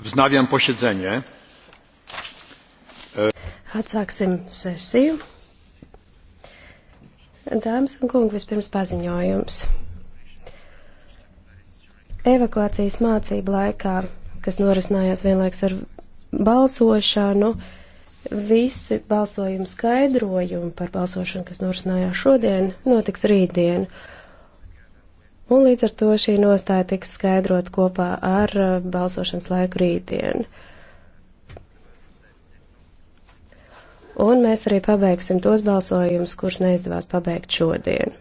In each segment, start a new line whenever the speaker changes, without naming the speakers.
Vznaviam posiedzenie. E,
Atsāksim sesiju. Dāmas un kungi, vispirms paziņojums. Evakuācijas mācību laikā, kas norisinājās vienlaiks ar balsošanu, visi balsojumu skaidrojumi par balsošanu, kas norisinājās šodien, notiks rītdien un līdz ar to šī nostāja tiks skaidrot kopā ar uh, balsošanas laiku rītdien. Un mēs arī pabeigsim tos balsojumus, kurus neizdevās pabeigt šodien.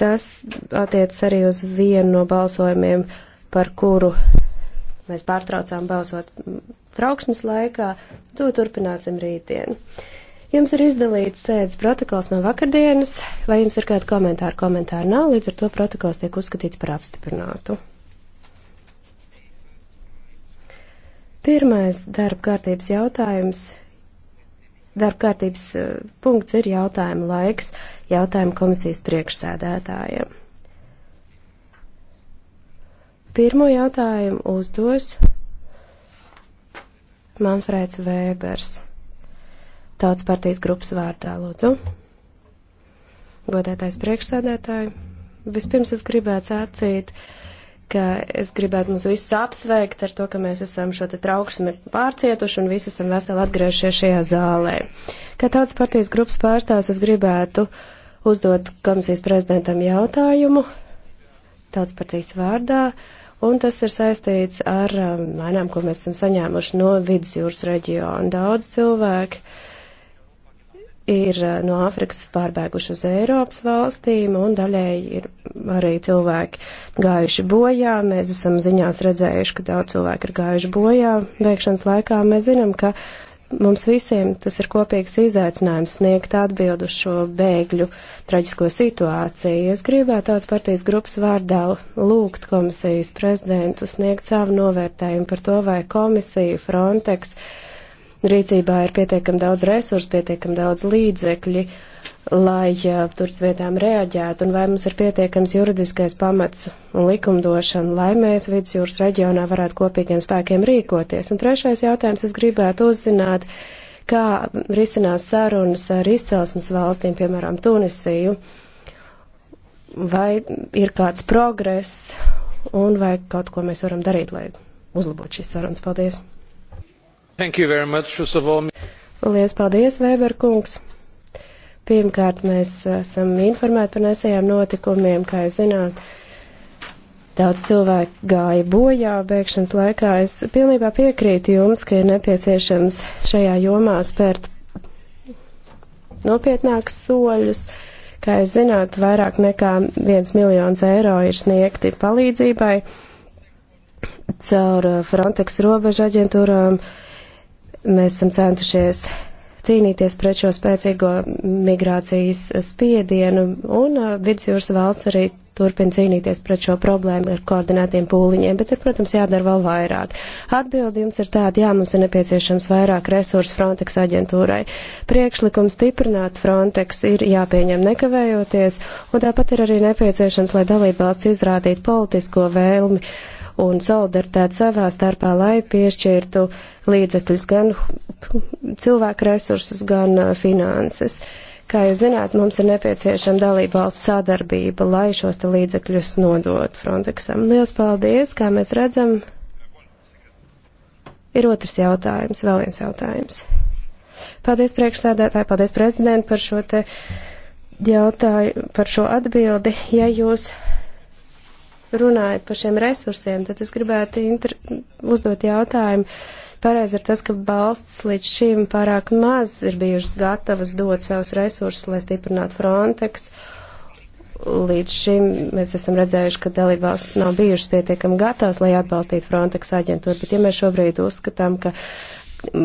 Tas attiecas arī uz vienu no balsojumiem, par kuru mēs pārtraucām balsot trauksmes laikā. To turpināsim rītdien. Jums ir izdalīts sēdes protokols no vakardienas, vai jums ir kādi komentāri? Komentāri nav, līdz ar to protokols tiek uzskatīts par apstiprinātu. Pirmais darba kārtības jautājums. Darba kārtības eh, punkts ir jautājuma laiks jautājuma komisijas priekšsēdētājiem. Pirmo jautājumu uzdos Manfrēds Vēbers. Tautas partijas grupas vārdā, lūdzu. Godētais priekšsēdētāji, vispirms es gribētu sacīt, ka es gribētu mums visus apsveikt ar to, ka mēs esam šo te trauksmi pārcietuši un visi esam veseli atgriežies šajā zālē. Kā tautas partijas grupas pārstāvs, es gribētu uzdot komisijas prezidentam jautājumu tautas partijas vārdā un tas ir saistīts ar um, mainām, ko mēs esam saņēmuši no vidusjūras reģiona. Daudz cilvēku ir eh, no Āfrikas pārbēguši uz Eiropas valstīm, un daļēji ir arī cilvēki gājuši bojā. Mēs esam ziņās redzējuši, ka daudz cilvēku ir gājuši bojā. Bēgšanas laikā mēs zinām, ka mums visiem tas ir kopīgs izaicinājums sniegt atbildu šo bēgļu traģisko situāciju. Es gribētu tās partijas grupas vārdā lūgt komisijas prezidentu sniegt savu novērtējumu par to, vai komisija Frontex rīcībā ir pietiekami daudz resursu, pietiekami daudz līdzekļi, lai turas vietām reaģētu, un vai mums ir pietiekams juridiskais pamats un likumdošana, lai mēs vidusjūras reģionā varētu kopīgiem spēkiem rīkoties. Un trešais jautājums es gribētu uzzināt, kā risinās sarunas ar izcelsmes valstīm, piemēram, Tunisiju, vai ir kāds progress, un vai kaut ko mēs varam darīt, lai uzlabotu šīs sarunas. Paldies!
Lielas
paldies, Vēber kungs! Pirmkārt, mēs esam informēti par nesajām notikumiem, kā jūs zināt. Daudz cilvēku gāja bojā bēgšanas laikā. Es pilnībā piekrītu jums, ka ir nepieciešams šajā jomā spērt nopietnākus soļus. Kā jūs zināt, vairāk nekā viens miljons eiro ir sniegti palīdzībai caur Frontex robežu aģentūrām. Uh, Mēs esam centušies cīnīties pret šo spēcīgo migrācijas spiedienu, un uh, vidusjūras valsts arī turpina cīnīties pret šo problēmu ar koordinētiem pūliņiem, bet ir, protams, jādara vēl vairāk. Atbildi jums ir tāda, jā, mums ir nepieciešams vairāk resursu Frontex aģentūrai. Priekšlikums stiprināt Frontex ir jāpieņem nekavējoties, un tāpat ir arī nepieciešams, lai dalībvalsts izrādītu politisko vēlmi. Uh, un solidaritāti savā starpā, lai piešķirtu līdzekļus gan cilvēku resursus, gan uh, finanses. Kā jūs zināt, mums ir nepieciešama dalība valstu sadarbība, lai šos te līdzekļus nodot Frontexam. Lielas paldies, kā mēs redzam. Ir otrs jautājums, vēl viens jautājums. Paldies priekšsēdētāji, paldies prezidenti par šo te jautāju, par šo atbildi. Ja jūs runājat par šiem resursiem, tad es gribētu inter... uzdot jautājumu. Pareizi ir tas, ka valstis līdz šim pārāk maz ir bijušas gatavas dot savus resursus, lai stiprinātu Frontex. Līdz šim mēs esam redzējuši, ka dalībvalsts nav bijušas pietiekami gatavas, lai atbalstītu Frontex aģentūru, bet ja mēs šobrīd uzskatām, ka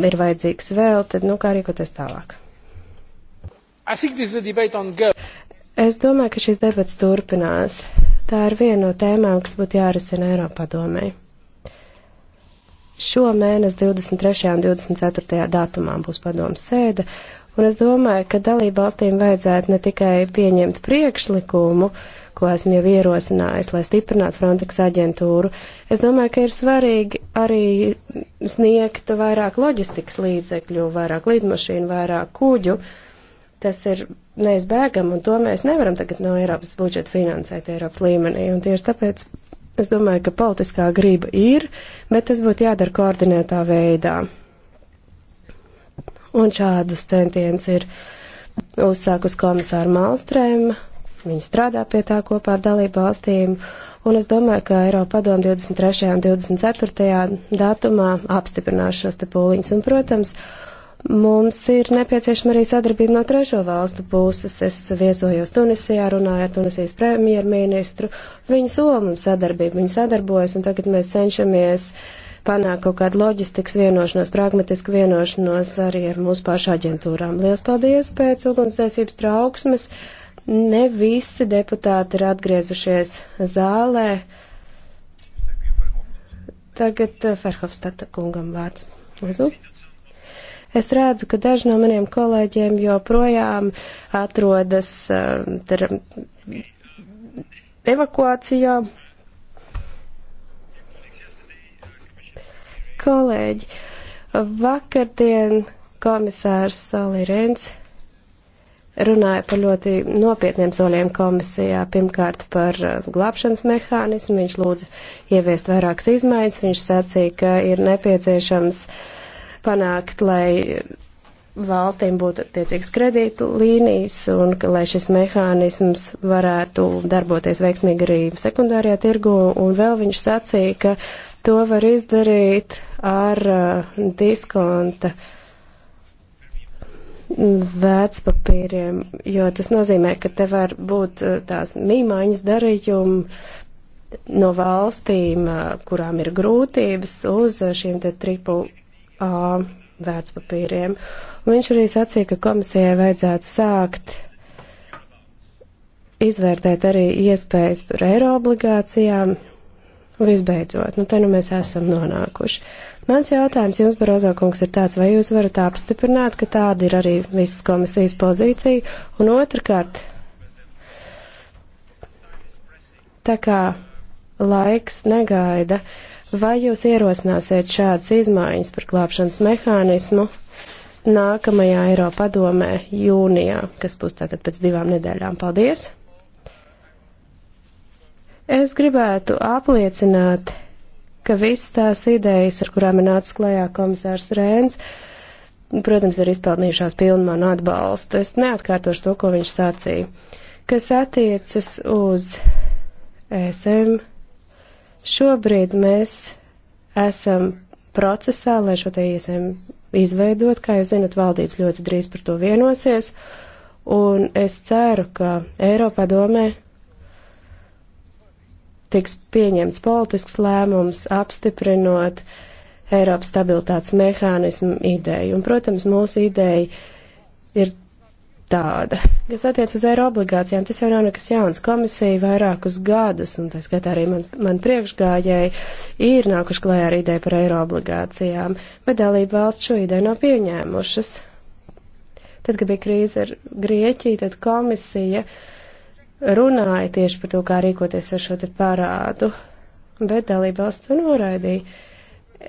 ir vajadzīgs vēl, tad nu kā rīkoties tālāk? Es domāju, ka šīs debats turpinās. Tā ir viena no tēmām, kas būtu jārisina Eiropā domē. Šo mēnesi 23. un 24. datumā būs padomas sēde, un es domāju, ka dalībvalstīm vajadzētu ne tikai pieņemt priekšlikumu, ko esmu jau ierosinājis, lai stiprinātu Frontex aģentūru, es domāju, ka ir svarīgi arī sniegt vairāk loģistikas līdzekļu, vairāk lidmašīnu, vairāk kuģu, uh, Tas ir neizbēgam, un to mēs nevaram tagad no Eiropas budžeta finansēt Eiropas līmenī. Un tieši tāpēc es domāju, ka politiskā grība ir, bet tas būtu jādara koordinētā veidā. Un šādus centienus ir uzsākus komisāra Malstrēma. Viņa strādā pie tā kopā ar dalību valstīm, un es domāju, ka Eiropa padomu 23. un 24. datumā apstiprinās šos te pūliņus. Un, protams, Mums ir nepieciešama arī sadarbība no trešo valstu puses. Es viesojos Tunisijā, runāju ar Tunisijas premjerministru. Viņi sola mums sadarbību, viņi sadarbojas, un tagad mēs cenšamies panākt kaut kādu loģistikas vienošanos, pragmatisku vienošanos arī ar mūsu pašu aģentūrām. Lielas paldies pēc ugunsdzēsības trauksmes. Ne visi deputāti ir atgriezušies zālē. Tagad eh, Ferhofstata kungam vārds. Lūdzu. Es redzu, ka daži no maniem kolēģiem joprojām atrodas eh, ter, evakuācijā. Kolēģi, vakardien komisārs Solirens runāja par ļoti nopietniem soļiem komisijā. Pirmkārt par eh, glābšanas mehānismu, viņš lūdza ieviest vairākas izmaiņas, viņš sacīja, ka ir nepieciešams uh, panākt, lai valstīm būtu attiecīgas kredīta līnijas un ka, lai šis mehānisms varētu darboties veiksmīgi arī sekundārajā tirgu. Un vēl viņš sacīja, ka to var izdarīt ar uh, diskonta vērtspapīriem, jo tas nozīmē, ka te var būt uh, tās mīmaiņas darījumi no valstīm, uh, kurām ir grūtības, uz uh, šiem te triple A vērtspapīriem. Un viņš arī sacīja, ka komisijai vajadzētu sākt izvērtēt arī iespējas par eiro obligācijām. Visbeidzot, nu te nu mēs esam nonākuši. Mans jautājums jums, Barozo kungs, ir tāds, vai jūs varat apstiprināt, ka tāda ir arī visas komisijas pozīcija? Un otrkārt, tā kā laiks negaida, uh, Vai jūs ierosināsiet šādas izmaiņas par glābšanas mehānismu nākamajā Eiropa padomē jūnijā, kas būs tātad pēc divām nedēļām? Paldies! Es gribētu apliecināt, ka visas tās idejas, ar kurām ir nācis klajā komisārs Rēns, protams, ir izpelnījušās pilnu manu atbalstu. Es neatkārtošu to, ko viņš sacīja. Kas attiecas uz ESM Šobrīd mēs esam procesā, lai šo te iesēm izveidot, kā jūs zinat, valdības ļoti drīz par to vienosies, un es ceru, ka Eiropā domē tiks pieņemts politisks lēmums apstiprinot Eiropas stabilitātes mehānismu ideju. Un, protams, mūsu ideja ir tāda. Kas attiec uz eiro obligācijām, tas jau nav nekas jauns. Komisija vairākus gadus, un tā skatā arī mans, man priekšgājēji, ir nākuši klajā ar ideju par eiro obligācijām, bet dalība valsts šo ideju nav pieņēmušas. Tad, kad bija krīze ar Grieķiju, tad komisija runāja tieši par to, kā rīkoties ar šo te parādu, bet dalība valsts to noraidīja.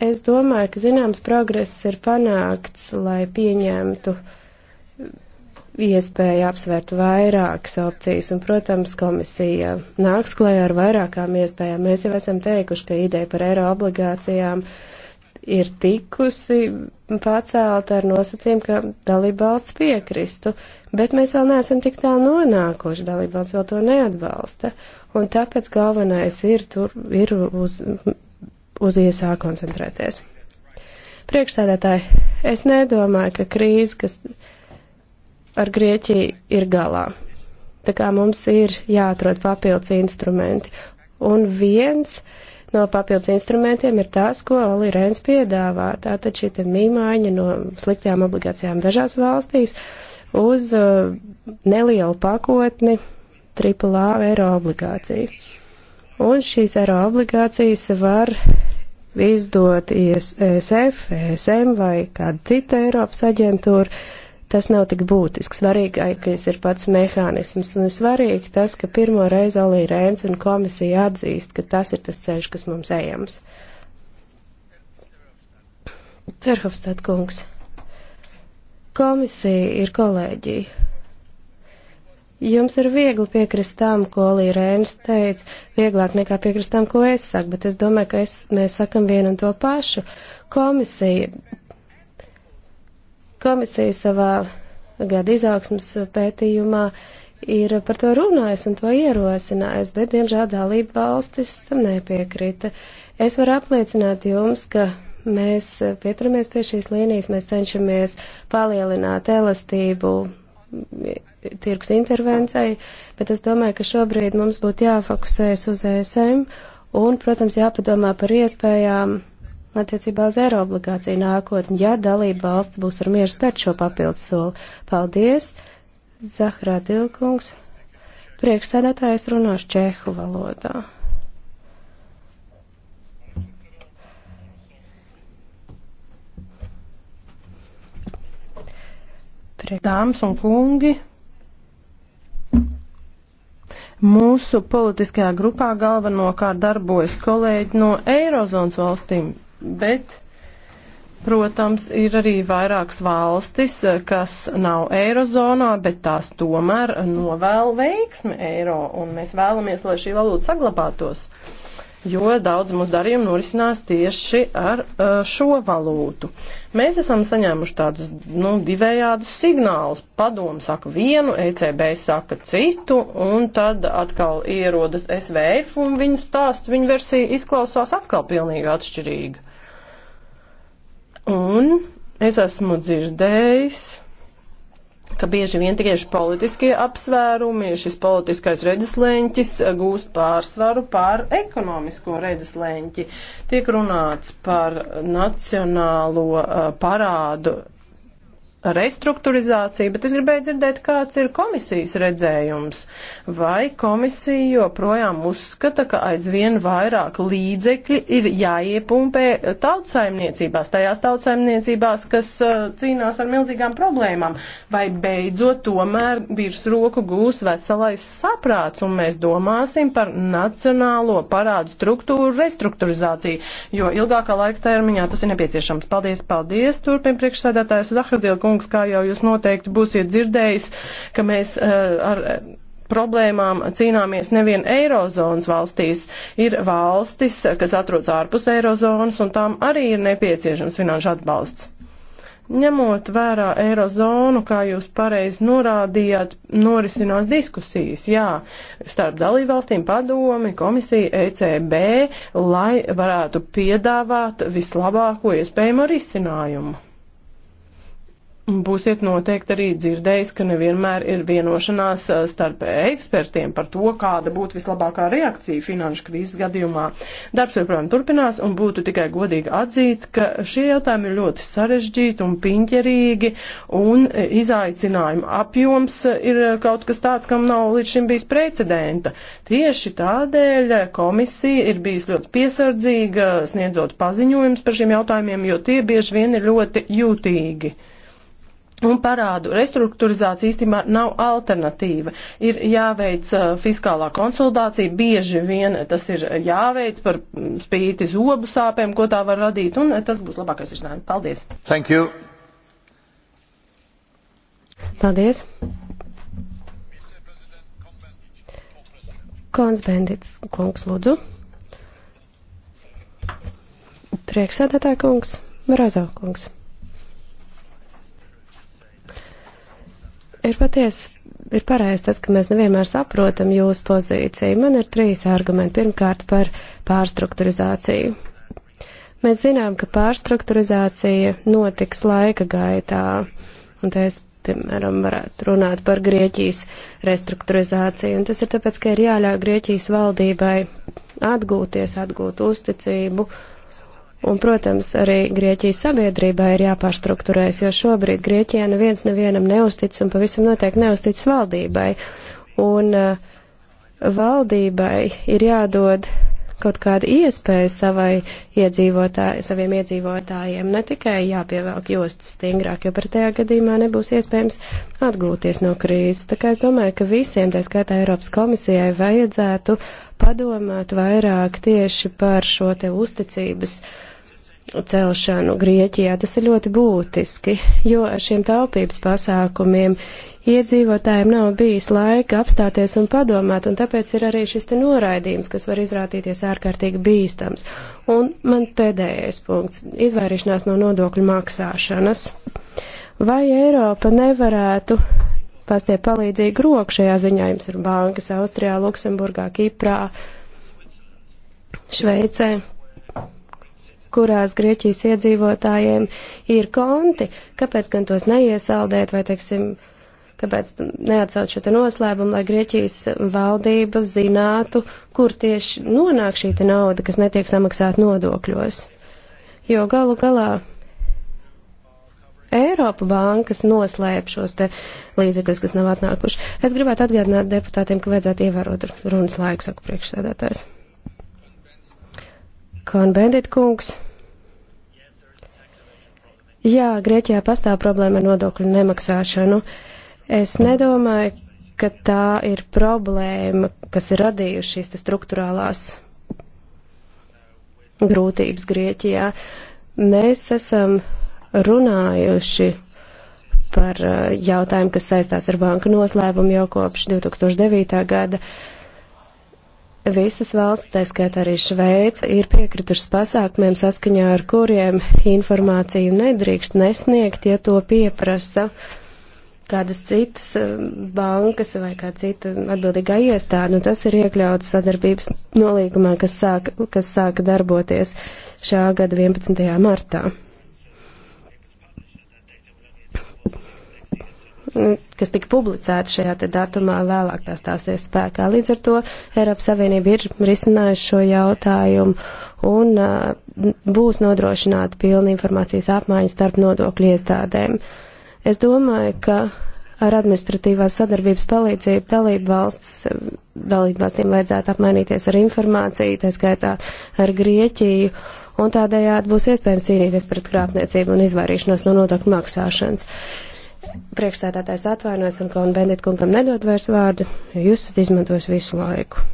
Es domāju, ka zināms progress ir panākts, lai pieņemtu uh, iespēja apsvērt vairākas opcijas, un, protams, komisija nāks klajā ar vairākām iespējām. Mēs jau esam teikuši, ka ideja par eiro obligācijām ir tikusi pacelta ar nosacījumu, ka dalībvalsts piekristu, bet mēs vēl neesam tik tālu nonākuši, dalībvalsts vēl to neatbalsta, un tāpēc galvenais ir tur, ir uz, uz iesā koncentrēties. Priekšsēdētāji, es nedomāju, ka krīze, kas ar Grieķiju ir galā. Tā kā mums ir jāatrod papildus instrumenti. Un viens no papildus instrumentiem ir tas, ko Oli Rēns piedāvā. Tātad šī te mīmaiņa no sliktajām obligācijām dažās valstīs uz uh, nelielu pakotni AAA eiro obligāciju. Un šīs eiro obligācijas var izdot ESF, ESM vai kāda cita Eiropas aģentūra tas nav tik būtiski. Svarīgākais ir pats mehānisms, un ir svarīgi tas, ka pirmo reizi Olī Rēns un komisija atzīst, ka tas ir tas ceļš, kas mums ejams. Verhofstad kungs. Komisija ir kolēģija. Jums ir viegli piekrist tam, ko Olī Rēns teica, vieglāk nekā piekrist tam, ko es saku, bet es domāju, ka es, mēs sakam vienu un to pašu. Komisija Komisija savā gada izaugsmas pētījumā ir par to runājis un to ierosinājis, bet, diemžēl, dalība valstis tam nepiekrita. Es varu apliecināt jums, ka mēs pieturamies pie šīs līnijas, mēs cenšamies palielināt elastību tirgus intervencei, bet es domāju, ka šobrīd mums būtu jāfokusējas uz ESM un, protams, jāpadomā par iespējām attiecībā uz eiro obligāciju nākotni, ja dalība valsts būs ar mieru spērt šo papildus soli. Paldies, Zahrā Dilkungs. Priekšsēdētājs runās čehu valodā.
Dāmas un kungi, mūsu politiskajā grupā galvenokārt darbojas kolēģi no Eirozonas valstīm bet, protams, ir arī vairākas valstis, eh, kas nav eirozonā, bet tās tomēr novēl veiksmi eiro, un mēs vēlamies, lai šī valūta saglabātos, jo daudz mūsu darījumu norisinās tieši ar eh, šo valūtu. Mēs esam saņēmuši tādus nu, divējādus signālus. Padomu saka vienu, ECB saka citu, un tad atkal ierodas SVF, un viņu stāsts, viņu versija izklausās atkal pilnīgi atšķirīga. Un es esmu dzirdējis, ka bieži vien tieši politiskie apsvērumi, šis politiskais redzeslēņķis gūst pārsvaru pār ekonomisko redzeslēņķi. Tiek runāts par nacionālo uh, parādu restruktūrizāciju, bet es gribēju dzirdēt, kāds ir komisijas redzējums. Vai komisija joprojām uzskata, ka aizvien vairāk līdzekļi ir jāiepumpē tautsaimniecībās, tajās tautsaimniecībās, kas uh, cīnās ar milzīgām problēmām, vai beidzot tomēr virs roku gūs veselais saprāts un mēs domāsim par nacionālo parādu struktūru restruktūrizāciju, jo ilgākā laika termiņā tas ir nepieciešams. Paldies, paldies, turpin priekšsēdētājs Zahradilkungs kungs, kā jau jūs noteikti būsiet dzirdējis, ka mēs eh, ar problēmām cīnāmies nevien Eirozonas valstīs, ir valstis, kas atrodas ārpus Eirozonas, un tām arī ir nepieciešams finanšu atbalsts. Ņemot vērā Eirozonu, kā jūs pareizi norādījāt, norisinās diskusijas, jā, starp dalībvalstīm padomi, komisija, ECB, lai varētu piedāvāt vislabāko iespējamo risinājumu būsiet noteikti arī dzirdējis, ka nevienmēr ir vienošanās eh, starp ekspertiem par to, kāda būtu vislabākā reakcija finanšu krīzes gadījumā. Darbs joprojām turpinās un būtu tikai godīgi atzīt, ka šie jautājumi ir ļoti sarežģīti un piņķerīgi un eh, izaicinājuma apjoms eh, ir kaut kas tāds, kam nav līdz šim bijis precedenta. Tieši tādēļ komisija ir bijusi ļoti piesardzīga sniedzot paziņojums par šiem jautājumiem, jo tie bieži vien ir ļoti jūtīgi. Un parādu restruktūrizācija īstenībā nav alternatīva. Ir jāveic uh, fiskālā konsultācija, bieži vien tas ir jāveic par mm, spīti zobu sāpēm, ko tā var radīt, un uh, tas būs labākais risinājums. Paldies!
Thank you! Paldies! Kons Bendits, kungs, lūdzu. Prieksēdētāja kungs, Mrazov kungs. Ir patiesi, ir pareizi tas, ka mēs nevienmēr saprotam jūsu pozīciju. Man ir trīs argumenti. Pirmkārt, par pārstrukturizāciju. Mēs zinām, ka pārstrukturizācija notiks laika gaitā, un te es, piemēram, varētu runāt par Grieķijas restruktūrizāciju, un tas ir tāpēc, ka ir jāļauj Grieķijas valdībai atgūties, atgūt uzticību, uh, Un, protams, arī Grieķijas sabiedrībai ir jāpārstruktūrēs, jo šobrīd Grieķijā neviens nevienam neustic un pavisam noteikti neustic valdībai. Un uh, valdībai ir jādod kaut kāda iespēja savai iedzīvotāji, saviem iedzīvotājiem, ne tikai jāpievelk jostas stingrāk, jo pretējā gadījumā nebūs iespējams atgūties no krīzes. Tā kā es domāju, ka visiem, tā skaitā Eiropas komisijai, vajadzētu padomāt vairāk tieši par šo te uzticības uh, celšanu Grieķijā. Tas ir ļoti būtiski, jo ar šiem taupības pasākumiem iedzīvotājiem nav bijis laika apstāties un padomāt, un tāpēc ir arī šis te noraidījums, kas var izrādīties ārkārtīgi bīstams. Un man pēdējais punkts - izvairīšanās no nodokļu maksāšanas. Vai Eiropa nevarētu pastie palīdzīgi roku šajā ziņā? Jums ir bankas Austrijā, Luksemburgā, Kiprā, Šveicē kurās Grieķijas iedzīvotājiem ir konti, kāpēc gan tos neiesaldēt vai, teiksim, kāpēc neatsauc šo te noslēpumu, lai Grieķijas valdība zinātu, kur tieši nonāk šī te nauda, kas netiek samaksāta nodokļos. Jo galu galā Eiropa bankas noslēp šos te līdzekļus, kas nav atnākuši. Es gribētu atgādināt deputātiem, ka vajadzētu ievērot runas laiku, saka priekšsēdētājs. Konbendit kungs. Jā, Grieķijā pastāv problēma ar nodokļu nemaksāšanu. Es nedomāju, ka tā ir problēma, kas ir radījusi šīs struktūrālās grūtības Grieķijā. Mēs esam runājuši par uh, jautājumu, kas saistās ar banku noslēpumu jau kopš 2009. gada. Visas valsts, tā skaitā arī Šveica, ir piekritušas pasākumiem, saskaņā ar kuriem informāciju nedrīkst nesniegt, ja to pieprasa kādas citas eh, bankas vai kā cita atbildīgā iestāde. Un nu, tas ir iekļauts sadarbības nolīgumā, kas sāka, kas sāka darboties šā gada 11. martā. kas tika publicēta šajā te datumā, vēlāk tās stāsies spēkā. Līdz ar to Eiropas Savienība ir risinājusi šo jautājumu un uh, būs nodrošināta pilna informācijas apmaiņa starp nodokļu iestādēm. Es domāju, ka ar administratīvās sadarbības palīdzību dalību valsts, dalību valstīm vajadzētu apmainīties ar informāciju, tā skaitā ar Grieķiju, un tādējādi būs iespējams cīnīties pret krāpniecību un izvairīšanos no nodokļu maksāšanas. Uh, Priekšsēdētājs atvainojas un klonu Bendit kungam nedod vairs vārdu, jo jūs esat izmantojis visu laiku.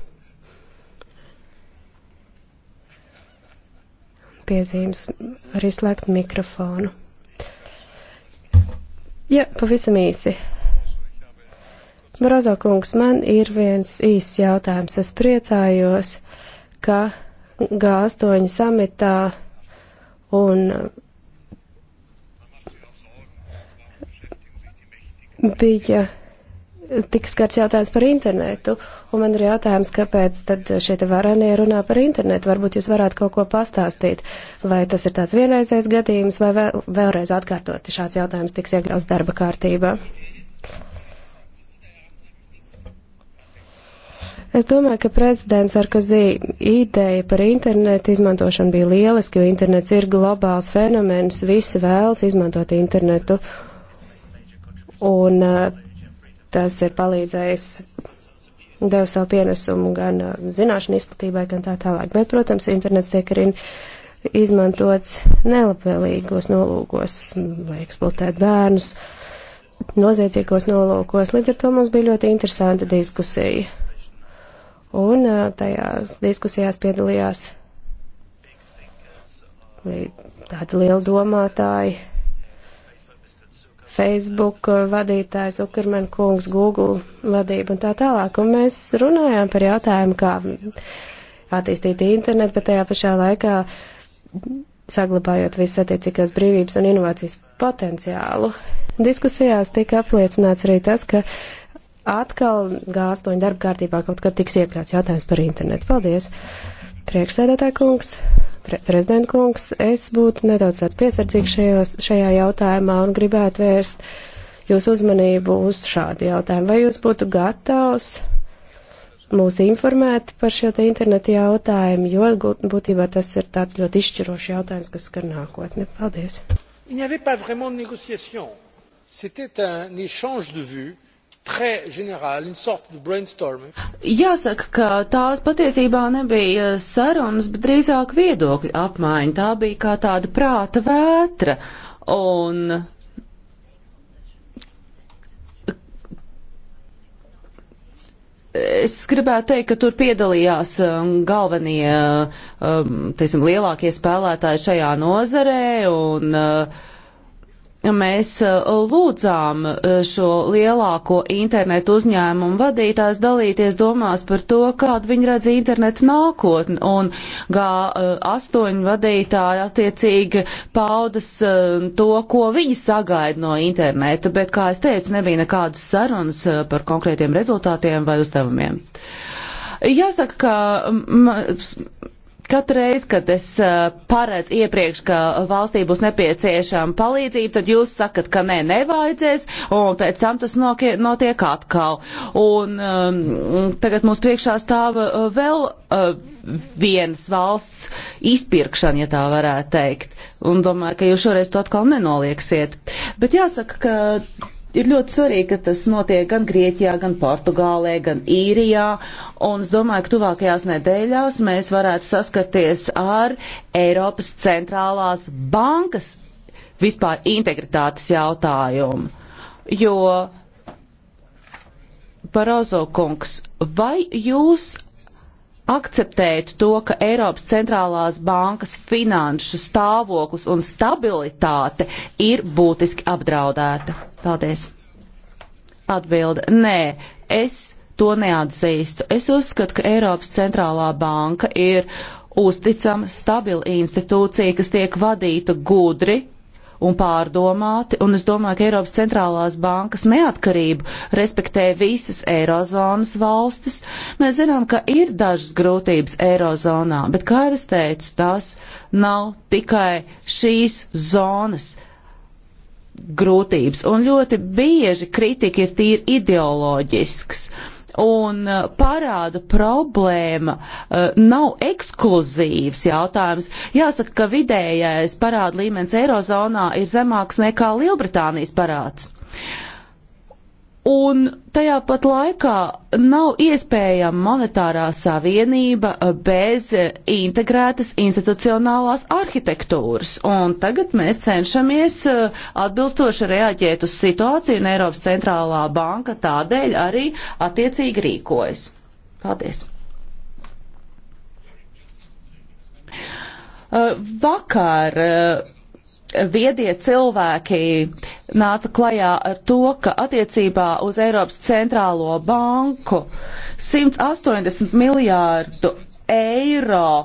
Piezīmes var izslēgt mikrofonu. Jā, pavisam īsi. Barozo kungs, man ir viens īsts jautājums. Es priecājos, ka G8 samitā un bija tik skarts jautājums par internetu, un man ir jautājums, kāpēc tad šie te varenie runā par internetu. Varbūt jūs varētu kaut ko pastāstīt, vai tas ir tāds vienreizais gadījums, vai vēl, vēlreiz atkārtot šāds jautājums tiks iekļauts darba kārtībā. Es domāju, ka prezidents Sarkozī ideja par internetu izmantošanu bija lieliski, jo internets ir globāls fenomens, visi vēlas izmantot internetu. Uh, un uh, tas ir palīdzējis devu savu pienesumu gan uh, zināšanu izplatībai, gan tā tālāk. Bet, protams, internets tiek arī izmantots nelabvēlīgos nolūkos, lai eksploatētu bērnus, noziedzīgos nolūkos. Līdz ar to mums bija ļoti interesanta diskusija. Un uh, tajās diskusijās piedalījās tādi lieli domātāji, Facebook eh, vadītājs, Ukerman kungs, Google vadība un tā tālāk. Un mēs runājām par jautājumu, kā attīstīt internetu, bet tajā pašā laikā saglabājot visas attiecīgās brīvības un inovācijas potenciālu. Diskusijās tika apliecināts arī tas, ka atkal G8 darba kārtībā kaut kad tiks iekļauts jautājums par internetu. Paldies! Priekšsēdētāj kungs! pre prezidenta kungs, es būtu nedaudz tāds piesardzīgs šajos, šajā jautājumā un gribētu vērst jūsu uzmanību uz šādu jautājumu. Vai jūs būtu gatavs mūs informēt par šo te internetu jautājumu, jo būtībā tas ir tāds ļoti izšķirošs jautājums, kas skar nākotni. Paldies! Il n'y avait pas vraiment de négociation.
C'était un échange de vues très générale, une sorte de brainstorming. Jāsaka, ka tās patiesībā nebija sarunas, bet drīzāk viedokļu apmaiņa. Tā bija kā tāda prāta vētra. Un Es gribētu teikt, ka tur piedalījās um, galvenie, um, teiksim, lielākie spēlētāji šajā nozarē un uh, mēs uh, lūdzām uh, šo lielāko internetu uzņēmumu vadītājs dalīties domās par to, kāda viņi redz internetu nākotni, un G8 uh, vadītāji attiecīgi paudas to, ko viņi sagaida no interneta, bet, kā es teicu, nebija nekādas sarunas par konkrētiem rezultātiem vai uzdevumiem. Jāsaka, ka mm, Katreiz, kad es paredzu iepriekš, ka valstī būs nepieciešama palīdzība, tad jūs sakat, ka nē, nevajadzēs, un pēc tam tas notiek atkal. Un um, tagad mums priekšā stāv vēl uh, vienas valsts izpirkšana, ja tā varētu teikt. Un domāju, ka jūs šoreiz to atkal nenolieksiet. Bet jāsaka, ka ir ļoti svarīgi, ka tas notiek gan Grieķijā, gan Portugālē, gan Īrijā. Un es domāju, ka tuvākajās nedēļās mēs varētu saskarties ar Eiropas centrālās bankas vispār integritātes jautājumu. Jo, Barozo kungs, vai jūs akceptētu to, ka Eiropas centrālās bankas finanšu stāvoklis un stabilitāte ir būtiski apdraudēta? Paldies. Atbilde. Nē, es to neatzīstu. Es uzskatu, ka Eiropas centrālā banka ir uzticama, stabila institūcija, kas tiek vadīta gudri un pārdomāti, un es domāju, ka Eiropas centrālās bankas neatkarību respektē visas Eirozonas valstis. Mēs zinām, ka ir dažas grūtības Eirozonā, bet, kā es teicu, tas nav tikai šīs zonas grūtības. Un ļoti bieži kritika ir tīri ideoloģisks. Un uh, parādu problēma uh, nav ekskluzīvs jautājums. Jāsaka, ka vidējais parāda līmenis Eirozonā ir zemāks nekā Lielbritānijas parāds. Uh, un tajā pat laikā nav iespējama monetārā savienība bez integrētas institucionālās arhitektūras. Un tagad mēs cenšamies eh, atbilstoši reaģēt uz situāciju, un Eiropas centrālā banka tādēļ arī attiecīgi rīkojas. Paldies! Eh, vakar eh, viedie cilvēki nāca klajā ar to, ka attiecībā uz Eiropas centrālo banku 180 miljārdu eiro e,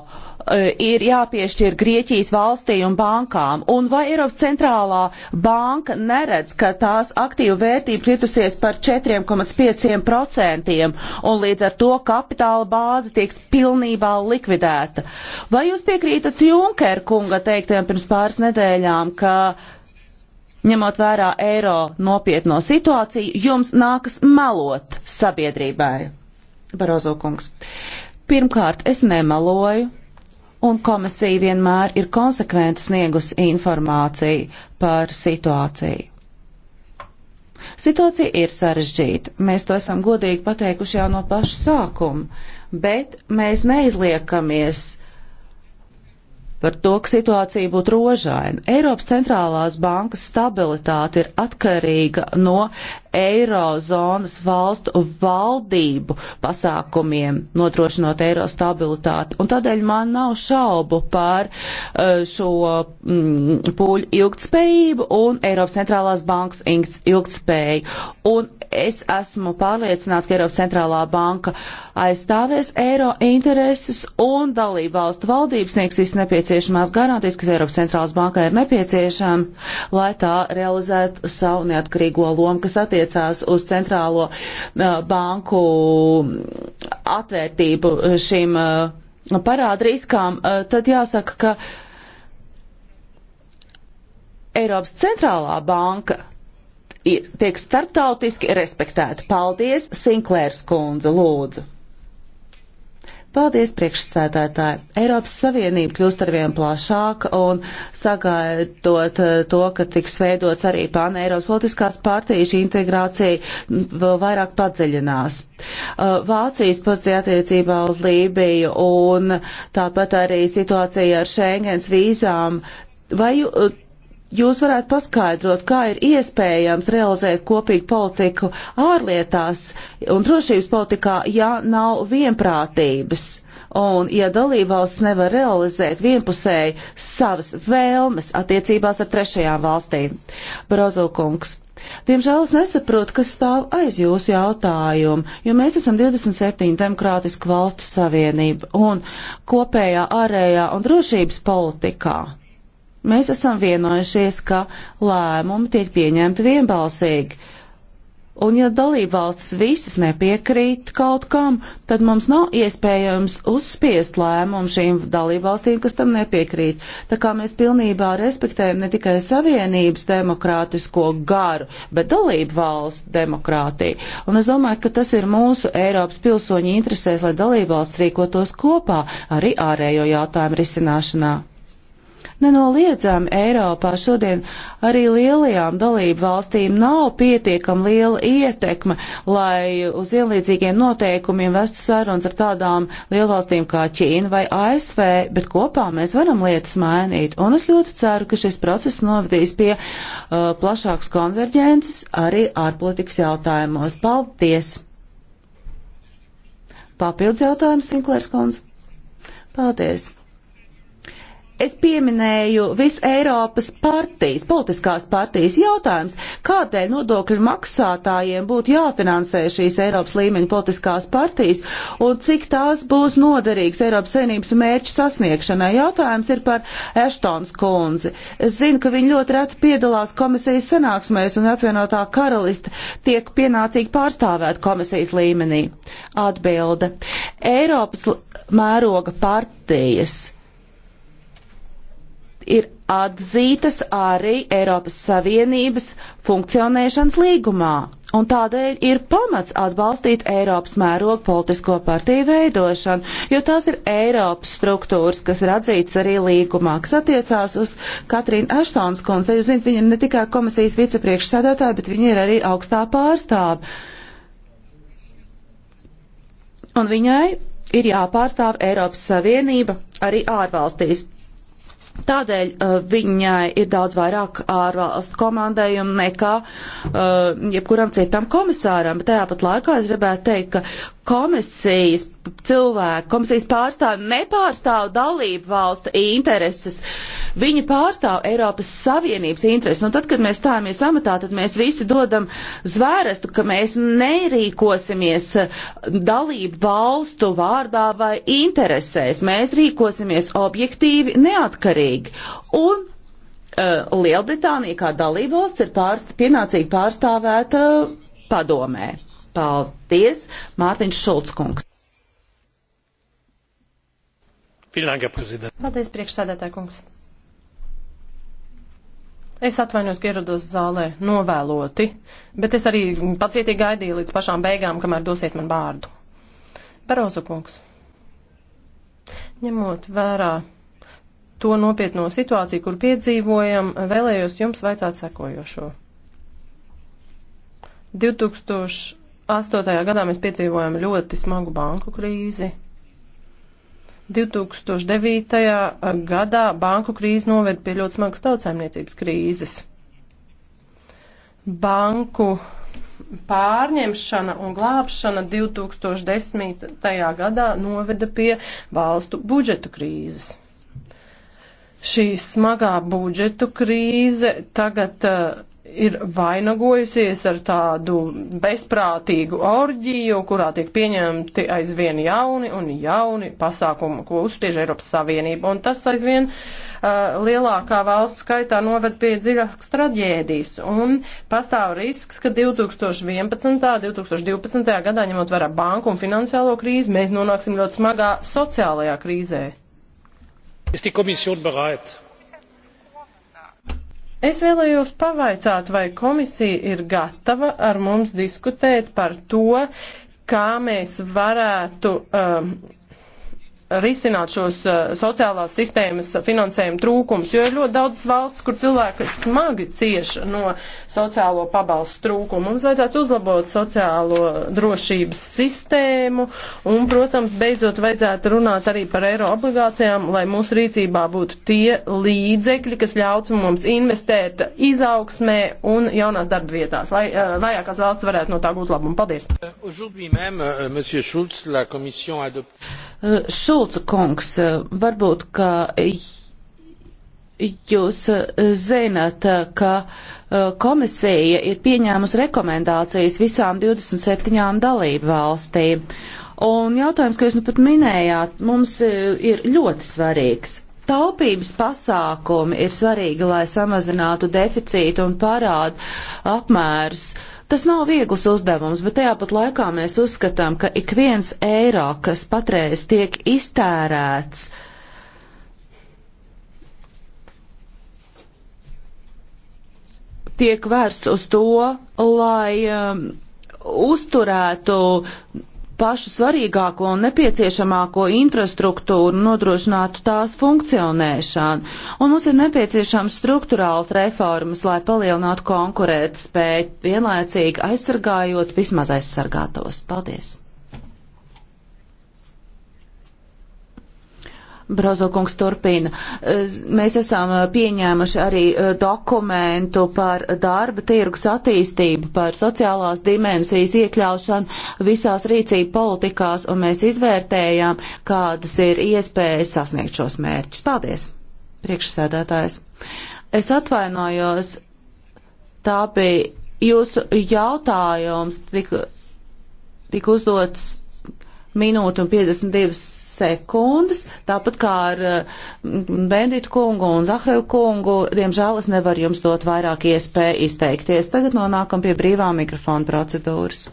ir jāpiešķir Grieķijas valstī un bankām, un vai Eiropas centrālā banka neredz, ka tās aktīva vērtība kritusies par 4,5% un līdz ar to kapitāla bāze tiek pilnībā likvidēta? Vai jūs piekrītat Junker kunga teiktiem pirms pāris nedēļām, ka ņemot vērā eiro nopietno situāciju, jums nākas melot sabiedrībai. Barozo kungs. Pirmkārt, es nemaloju, un komisija vienmēr ir konsekventi sniegusi informāciju par situāciju. Situācija ir sarežģīta. Mēs to esam godīgi pateikuši jau no paša sākuma, bet mēs neizliekamies par to, ka situācija būtu rožaina. Eiropas centrālās bankas stabilitāte ir atkarīga no eirozonas valstu valdību pasākumiem, notrošinot eiro stabilitāti. Un tādēļ man nav šaubu par eh, šo mm, pūļu ilgtspējību un Eiropas centrālās bankas ilgtspēju. Un es esmu pārliecināts, ka Eiropas centrālā banka aizstāvēs eiro intereses un dalību valstu valdības sniegs viss nepieciešamās garantijas, kas Eiropas centrālās bankai ir nepieciešama, lai tā realizētu savu neatkarīgo lomu, kas attiecas attiecās uz centrālo uh, banku atvērtību šīm uh, parāda riskām, uh, tad jāsaka, ka Eiropas centrālā banka ir, tiek starptautiski respektēta. Paldies, Sinklērs kundze, lūdzu. Paldies, priekšsēdētāji! Eiropas Savienība kļūst arvien plašāka un sagaidot eh, to, ka tiks veidots arī paneiropas politiskās partijas integrācija, vēl vairāk padziļinās. Eh, Vācijas pozīcija attiecībā uz Lībiju un tāpat arī situācija ar Schengens vīzām. Vai eh, jūs varētu paskaidrot, kā ir iespējams realizēt kopīgu politiku ārlietās un drošības politikā, ja nav vienprātības? Un, ja dalībvalsts nevar realizēt vienpusēji savas vēlmes attiecībās ar trešajām valstīm, Brozokungs, diemžēl es nesaprotu, kas stāv aiz jūsu jautājumu, jo mēs esam 27 demokrātisku valstu savienība un kopējā ārējā un drošības politikā Mēs esam vienojušies, ka lēmumi tiek pieņemti vienbalsīgi. Un ja dalībvalstis visas nepiekrīt kaut kam, tad mums nav iespējams uzspiest lēmumu šīm dalībvalstīm, kas tam nepiekrīt. Tā kā mēs pilnībā respektējam ne tikai savienības demokrātisko garu, bet dalībvalstu demokrātiju. Un es domāju, ka tas ir mūsu Eiropas pilsoņu interesēs, lai dalībvalsts rīkotos kopā arī ārējo jautājumu risināšanā. Nenoliedzami Eiropā šodien arī lielajām dalību valstīm nav pietiekam liela ietekme, lai uz vienlīdzīgiem noteikumiem vestu sarunas ar tādām lielvalstīm kā Ķīna vai ASV, bet kopā mēs varam lietas mainīt. Un es ļoti ceru, ka šis process novadīs pie uh, plašākas konverģences arī ārpolitikas jautājumos. Paldies! Papildus jautājums, Sinklērs Kons. Paldies! Es pieminēju visu Eiropas partijas, politiskās partijas jautājums, kādēļ nodokļu maksātājiem būtu jāfinansē šīs Eiropas līmeņa politiskās partijas un cik tās būs noderīgas Eiropas savienības mērķu sasniegšanai. Jautājums ir par Eštons kundzi. Es zinu, ka viņi ļoti reti piedalās komisijas sanāksmēs un apvienotā karalista tiek pienācīgi pārstāvēt komisijas līmenī. Atbilde. Eiropas mēroga partijas ir atzītas arī Eiropas Savienības funkcionēšanas līgumā, un tādēļ ir pamats atbalstīt Eiropas mērogu politisko partiju veidošanu, jo tās ir Eiropas struktūras, kas ir atzītas arī līgumā, kas attiecās uz Katrīnu Aštons kundzi. Jūs zināt, viņa ir ne tikai komisijas vicepriekšsēdētāja, bet viņa ir arī augstā pārstāve. Un viņai ir jāpārstāv Eiropas Savienība arī ārvalstīs. Tādēļ uh, viņai ir daudz vairāk ārvalstu komandējumu nekā uh, jebkuram citam komisāram. Bet tajā pat laikā es gribētu teikt, ka komisijas cilvēki, komisijas pārstāvi nepārstāv dalību valstu intereses, viņi pārstāv Eiropas Savienības intereses. Un tad, kad mēs stājamies amatā, tad mēs visi dodam zvērestu, ka mēs nerīkosimies dalību valstu vārdā vai interesēs. Mēs rīkosimies objektīvi, neatkarīgi. Un uh, Lielbritānija kā dalībvalsts ir pārst pienācīgi pārstāvēta uh, padomē. Paldies, Mārtiņš Šulckungs.
Paldies, priekšsēdētāj kungs. Es atvainojos, ka ierados zālē novēloti, bet es arī pacietīgi gaidīju līdz pašām beigām, kamēr dosiet man vārdu. Barozu kungs, ņemot vērā to nopietno situāciju, kur piedzīvojam, vēlējos jums vaicāt sekojošo. 2000 2008. gadā mēs piedzīvojam ļoti smagu banku krīzi. 2009. gadā banku krīze noved pie ļoti smagas tautsēmniecības krīzes. Banku pārņemšana un glābšana 2010. gadā noveda pie valstu budžetu krīzes šī smagā budžetu krīze tagad uh, ir vainagojusies ar tādu bezprātīgu orģiju, kurā tiek pieņemti aizvien jauni un jauni pasākumi, ko uzspiež Eiropas Savienība. Un tas aizvien uh, lielākā valsts skaitā noved pie dziļākas traģēdijas. Un pastāv risks, ka 2011. un 2012. gadā, ņemot vērā banku un finansiālo krīzi, mēs nonāksim ļoti smagā sociālajā krīzē.
Ist die Kommission bereit?
Es vēlējos pavaicāt, vai komisija ir gatava ar mums diskutēt par to, kā mēs varētu. Um, risināt šos eh, sociālās sistēmas finansējuma trūkums, jo ir ļoti daudz valsts, kur cilvēki smagi cieš no sociālo pabalstu trūkumu. Mums vajadzētu uzlabot sociālo drošības sistēmu un, protams, beidzot vajadzētu runāt arī par eiro obligācijām, lai mūsu rīcībā būtu tie līdzekļi, kas ļautu mums investēt izaugsmē un jaunās darba vietās, lai eh, vajākās valsts varētu no tā gūt labumu. Paldies!
Uh, Šulca kungs, varbūt, ka jūs zinat, ka e, komisija ir pieņēmusi rekomendācijas visām 27 dalību valstīm. Un jautājums, ko jūs nu pat minējāt, mums e, ir ļoti svarīgs. Taupības pasākumi ir svarīgi, lai samazinātu deficītu un parādu apmērus. Uh, Tas nav viegls uzdevums, bet tajā pat laikā mēs uzskatām, ka ik viens eiro, kas patreiz tiek iztērēts, tiek vērsts uz to, lai um, uzturētu pašu svarīgāko un nepieciešamāko infrastruktūru nodrošinātu tās funkcionēšanu. Un mums ir nepieciešams struktūrāls reformas, lai palielinātu konkurēt spēju, vienlaicīgi aizsargājot vismaz aizsargātos. Paldies! Brozo kungs turpina. Mēs esam eh, pieņēmuši arī eh, dokumentu par darba tirgus attīstību, par sociālās dimensijas iekļaušanu visās rīcību politikās, un mēs izvērtējām, kādas ir iespējas sasniegt šos mērķus. Paldies, priekšsēdētājs. Es atvainojos, tā bija jūsu jautājums, tika tik uzdots minūte un 52 sekundes, tāpat kā ar eh, Bendītu kungu un Zahreju kungu, diemžēl es nevaru jums dot vairāk iespēju izteikties. Tagad nonākam pie brīvā mikrofona procedūras.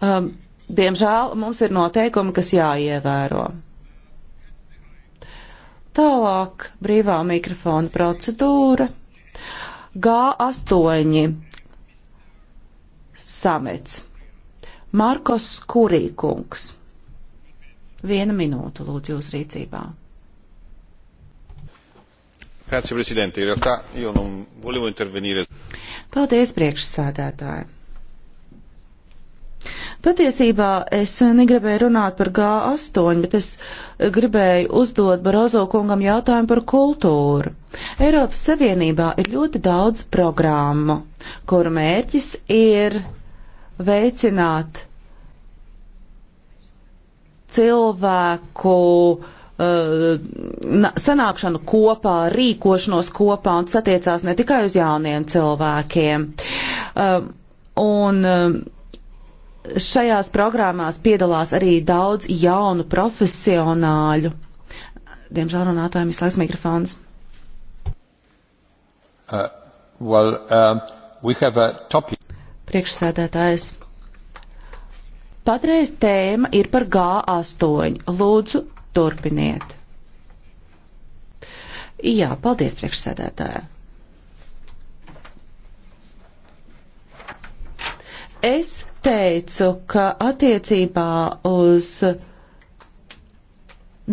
Um, diemžēl mums ir noteikumi, kas jāievēro. Tālāk brīvā mikrofona procedūra. G8 samets. Markos Kurīkungs. Viena minūte lūdzu jūs rīcībā. Grazie, Presidente. In realtà io non volevo intervenire. Paldies, priekšsādātāji. Patiesībā es negribēju runāt par G8, bet es gribēju uzdot Barozo kungam jautājumu par kultūru. Eiropas Savienībā ir ļoti daudz programmu, kuru mērķis ir veicināt cilvēku uh, sanākšanu kopā, rīkošanos kopā un tas attiecās ne tikai uz jauniem cilvēkiem. Uh, un uh, šajās programmās piedalās arī daudz jaunu profesionāļu. Diemžēl runātājiem izslēgts mikrofons. Uh, well, uh, we have a topic. Priekšsēdētājs. Patreiz tēma ir par G8. Lūdzu, turpiniet. Jā, paldies, priekšsēdētāja. Es teicu, ka attiecībā uz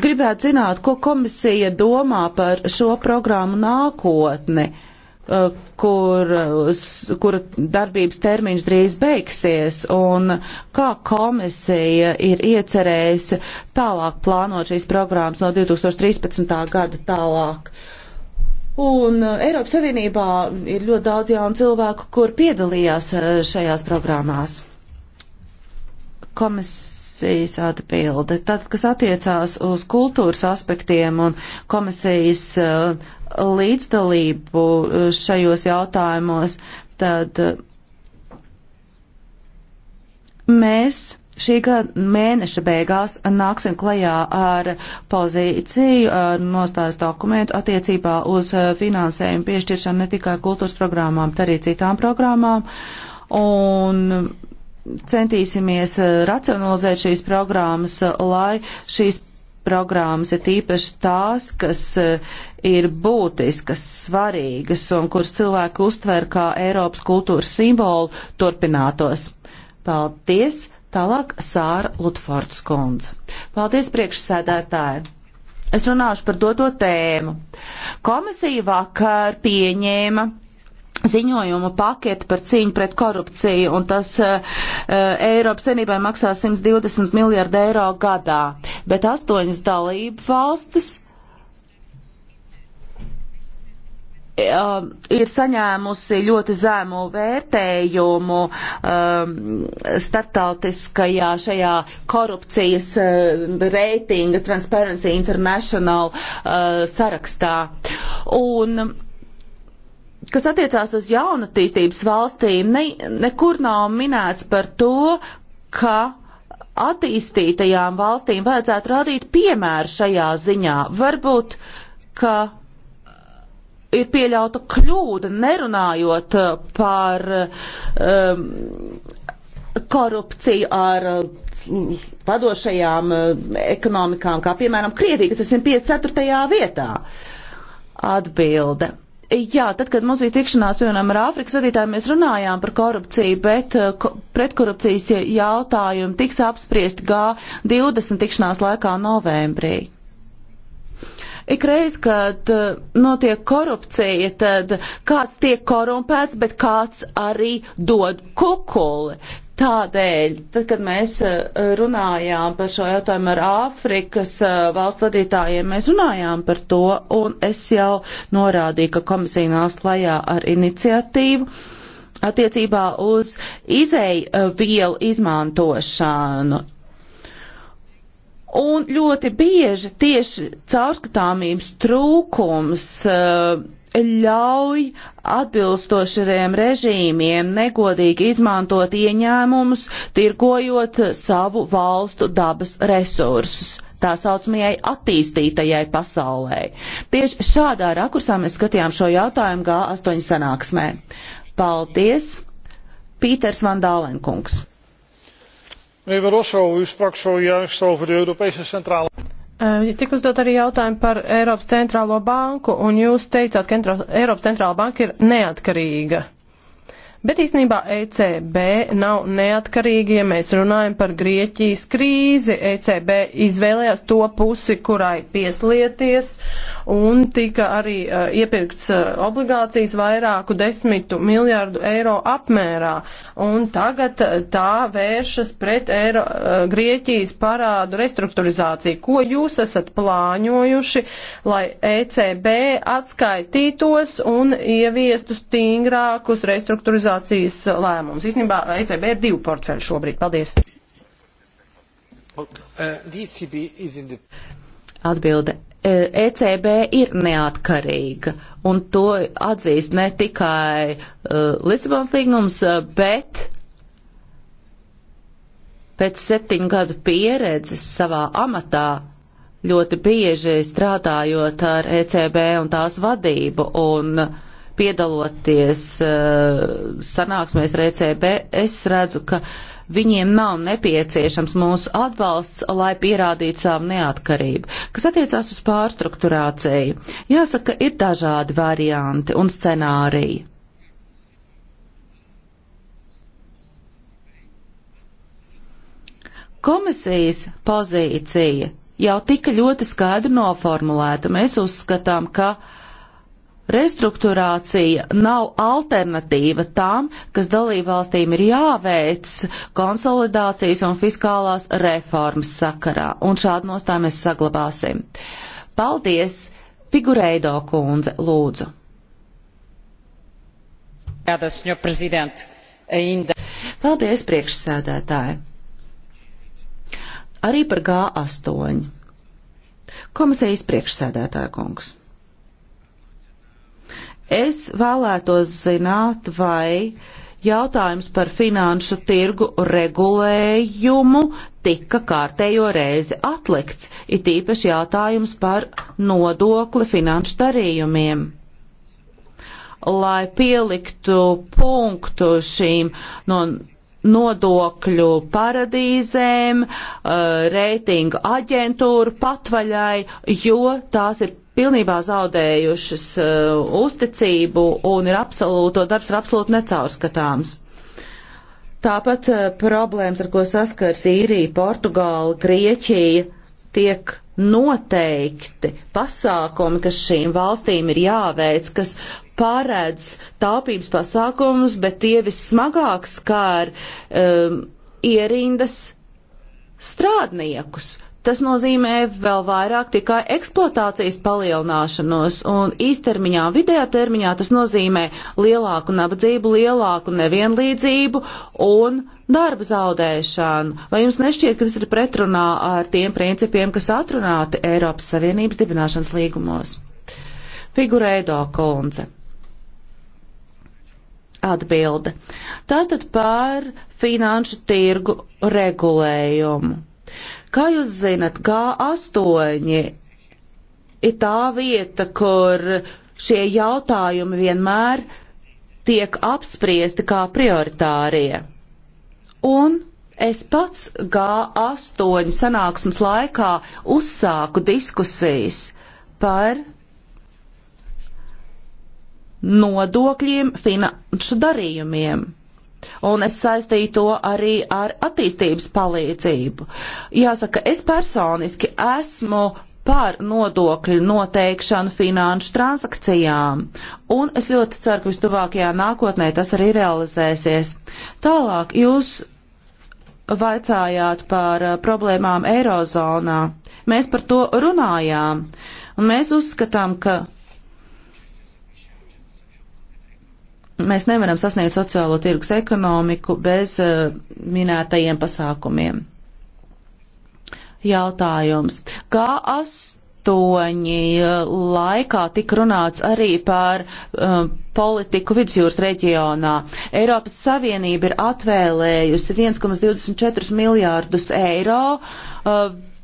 gribētu zināt, ko komisija domā par šo programmu nākotni. Uh, Eh, kur, eh, kura darbības termiņš drīz beigsies, un kā komisija ir iecerējusi tālāk plānot šīs programmas no 2013. gada tālāk. Un eh, Eiropas Savienībā ir ļoti daudz jaunu cilvēku, kur piedalījās šajās programmās. Komisijas atbilde. Tad, kas attiecās uz kultūras aspektiem un komisijas uh, līdzdalību uh, šajos jautājumos, tad uh, mēs šī gada mēneša beigās nāksim klajā ar pozīciju, ar nostājas dokumentu attiecībā uz uh, finansējumu piešķiršanu ne tikai kultūras programmām, bet arī citām programmām. Un centīsimies racionalizēt šīs programmas, lai šīs programmas ir tīpaši tās, kas ir būtiskas, svarīgas un kuras cilvēki uztver kā Eiropas kultūras simbolu, turpinātos. Paldies! Tālāk Sāra Lutfords kundze. Paldies priekšsēdētāji! Es runāšu par doto tēmu. Komisija vakar pieņēma ziņojumu paketi par cīņu pret korupciju, un tas uh, Eiropas senībai maksā 120 miljārdu eiro gadā, bet astoņas dalību valstis um, ir saņēmusi ļoti zēmu vērtējumu um, startautiskajā šajā korupcijas uh, reitinga Transparency International uh, sarakstā. Un, Kas attiecās uz jaunatīstības valstīm, ne, nekur nav minēts par to, ka attīstītajām valstīm vajadzētu radīt piemēru šajā ziņā. Varbūt, ka ir pieļauta kļūda, nerunājot uh, par um, korupciju ar uh, padošajām uh, ekonomikām, kā piemēram Krievija, kas ir 154. vietā. Atbilde. Jā, tad, kad mums bija tikšanās, piemēram, ar Āfrikas vadītājiem, mēs runājām par korupciju, bet ko, pretkorupcijas jautājumi tiks apspriesti G20 tikšanās laikā novembrī. Ikreiz, kad uh, notiek korupcija, tad kāds tiek korumpēts, bet kāds arī dod kukuli. Tādēļ, tad, kad mēs uh, runājām par šo jautājumu ar Āfrikas uh, valstu vadītājiem, mēs runājām par to, un es jau norādīju, ka komisija nāks klajā ar iniciatīvu attiecībā uz izēju vielu izmantošanu. Un ļoti bieži tieši caurskatāmības trūkums uh, ļauj atbilstošiem režīmiem negodīgi izmantot ieņēmumus, tirgojot savu valstu dabas resursus tā saucamajai attīstītajai pasaulē. Tieši šādā rakursā mēs skatījām šo jautājumu G8 sanāksmē. Paldies, Pīters Vandālenkungs.
Meneer Barroso, u sprak zojuist over de Europese Centrale eh, Tik uzdot arī jautājumi par Eiropas centrālo banku, un jūs teicāt, ka Entra Eiropas centrāla banka ir neatkarīga. Bet īstenībā ECB nav neatkarīga, ja mēs runājam par Grieķijas krīzi. ECB izvēlējās to pusi, kurai pieslieties, un tika arī uh, iepirkts uh, obligācijas vairāku desmitu miljārdu eiro apmērā. Un tagad uh, tā vēršas pret Eiro, uh, Grieķijas parādu restruktūrizāciju. Ko jūs esat plāņojuši, lai ECB atskaitītos un ieviestu stingrākus restruktūrizācijas lēmumus? Īstenībā ECB ir divu portfeļu šobrīd. Paldies! Uh, e
Atbilde ECB e ir neatkarīga, un to atzīst ne tikai uh, e, Lisabonas līgums, e, bet pēc septiņu gadu pieredzes savā amatā ļoti bieži strādājot ar ECB un tās vadību un piedaloties uh, sanāksmēs ar ECB, es redzu, ka uh, Viņiem nav nepieciešams mūsu atbalsts, lai pierādītu savu neatkarību. Kas attiecās uz pārstrukturāciju, jāsaka, ir dažādi varianti un scenāriji. Komisijas pozīcija jau tika ļoti skaidri noformulēta. Mēs uzskatām, ka uh, Restruktūrācija nav alternatīva tām, kas dalībvalstīm ir jāveic konsolidācijas un fiskālās reformas sakarā, un šādu nostāju mēs saglabāsim. Paldies! Figureido kundze, lūdzu. Paldies, priekšsēdētāji. Arī par G8. Komisijas priekšsēdētāja kungs. Es vēlētos zināt, vai jautājums par finanšu tirgu regulējumu tika kārtējo reizi atlikts, it īpaši jautājums par nodokli finanšu darījumiem lai pieliktu punktu šīm no nodokļu paradīzēm, eh, reitingu aģentūru patvaļai, jo tās ir pilnībā zaudējušas uh, uzticību un ir absolūto darbs ir absolūti necaurskatāms. Tāpat uh, problēmas, ar ko saskars Īrija, Portugāla, Grieķija, tiek noteikti pasākumi, kas šīm valstīm ir jāveic, kas paredz taupības pasākumus, bet tie vissmagāk skār um, ierindas strādniekus, Tas nozīmē vēl vairāk tikai eksploatācijas palielināšanos, un īstermiņā, vidējā termiņā tas nozīmē lielāku nabadzību, lielāku nevienlīdzību un darba zaudēšanu. Vai jums nešķiet, ka tas ir pretrunā ar tiem principiem, kas atrunāti Eiropas Savienības dibināšanas līgumos? Figurēdo kundze atbilde. Tātad par finanšu tirgu regulējumu. Kā jūs zinat, G8 ir tā vieta, kur šie jautājumi vienmēr tiek apspriesti kā prioritārie. Un es pats G8 sanāksmes laikā uzsāku diskusijas par nodokļiem finanšu darījumiem un es saistīju to arī ar attīstības palīdzību. Jāsaka, es personiski esmu par nodokļu noteikšanu finanšu transakcijām, un es ļoti ceru, ka vistuvākajā nākotnē tas arī realizēsies. Tālāk jūs vaicājāt par uh, problēmām Eirozonā. Mēs par to runājām, un mēs uzskatām, ka Mēs nevaram sasniegt sociālo tirgus ekonomiku bez uh, minētajiem pasākumiem. Jautājums. Kā astoņi eh, laikā tika runāts arī par uh, politiku vidusjūras reģionā. Eiropas Savienība ir atvēlējusi 1,24 miljārdus eiro uh,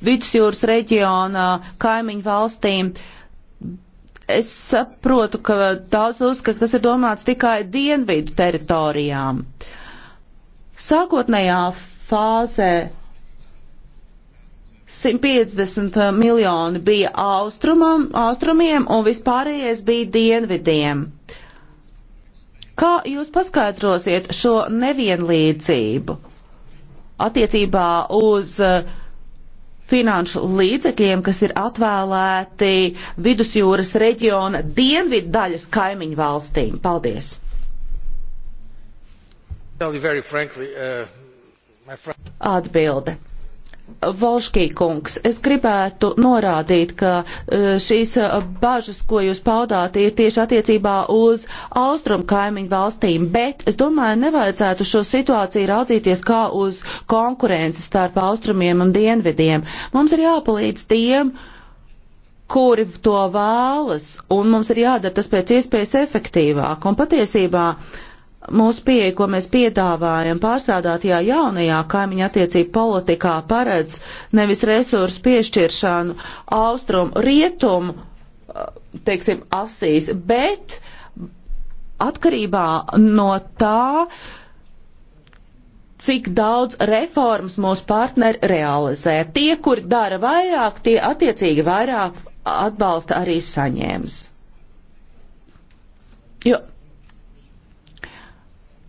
vidusjūras reģionā kaimiņu valstīm. Uh, Es saprotu, ka daudz uzskata, ka tas ir domāts tikai dienvidu teritorijām. Sākotnējā fāzē 150 miljoni bija austrumam, austrumiem un vispārējais bija dienvidiem. Kā jūs paskaidrosiet šo nevienlīdzību attiecībā uz uh, finanšu līdzekļiem, kas ir atvēlēti vidusjūras reģiona dienvidu daļas kaimiņu valstīm. Paldies! Uh, Atbilde. Volškī kungs, es gribētu norādīt, ka e, šīs e, bažas, ko jūs paudāt, ir tieši attiecībā uz austrumu kaimiņu valstīm, bet es domāju, nevajadzētu šo situāciju raudzīties kā uz konkurences starp austrumiem un dienvidiem. Mums ir jāpalīdz tiem, kuri to vēlas, un mums ir jādara tas pēc iespējas efektīvāk. Un patiesībā uh, Mūsu pieeja, ko mēs piedāvājam pārstrādātajā jaunajā kaimiņa attiecību politikā, paredz nevis resursu piešķiršanu austrum, rietum, eh, teiksim, asīs, bet atkarībā no tā, cik daudz reformas mūsu partneri realizē. Tie, kuri dara vairāk, tie attiecīgi vairāk atbalsta arī saņēmis. Jo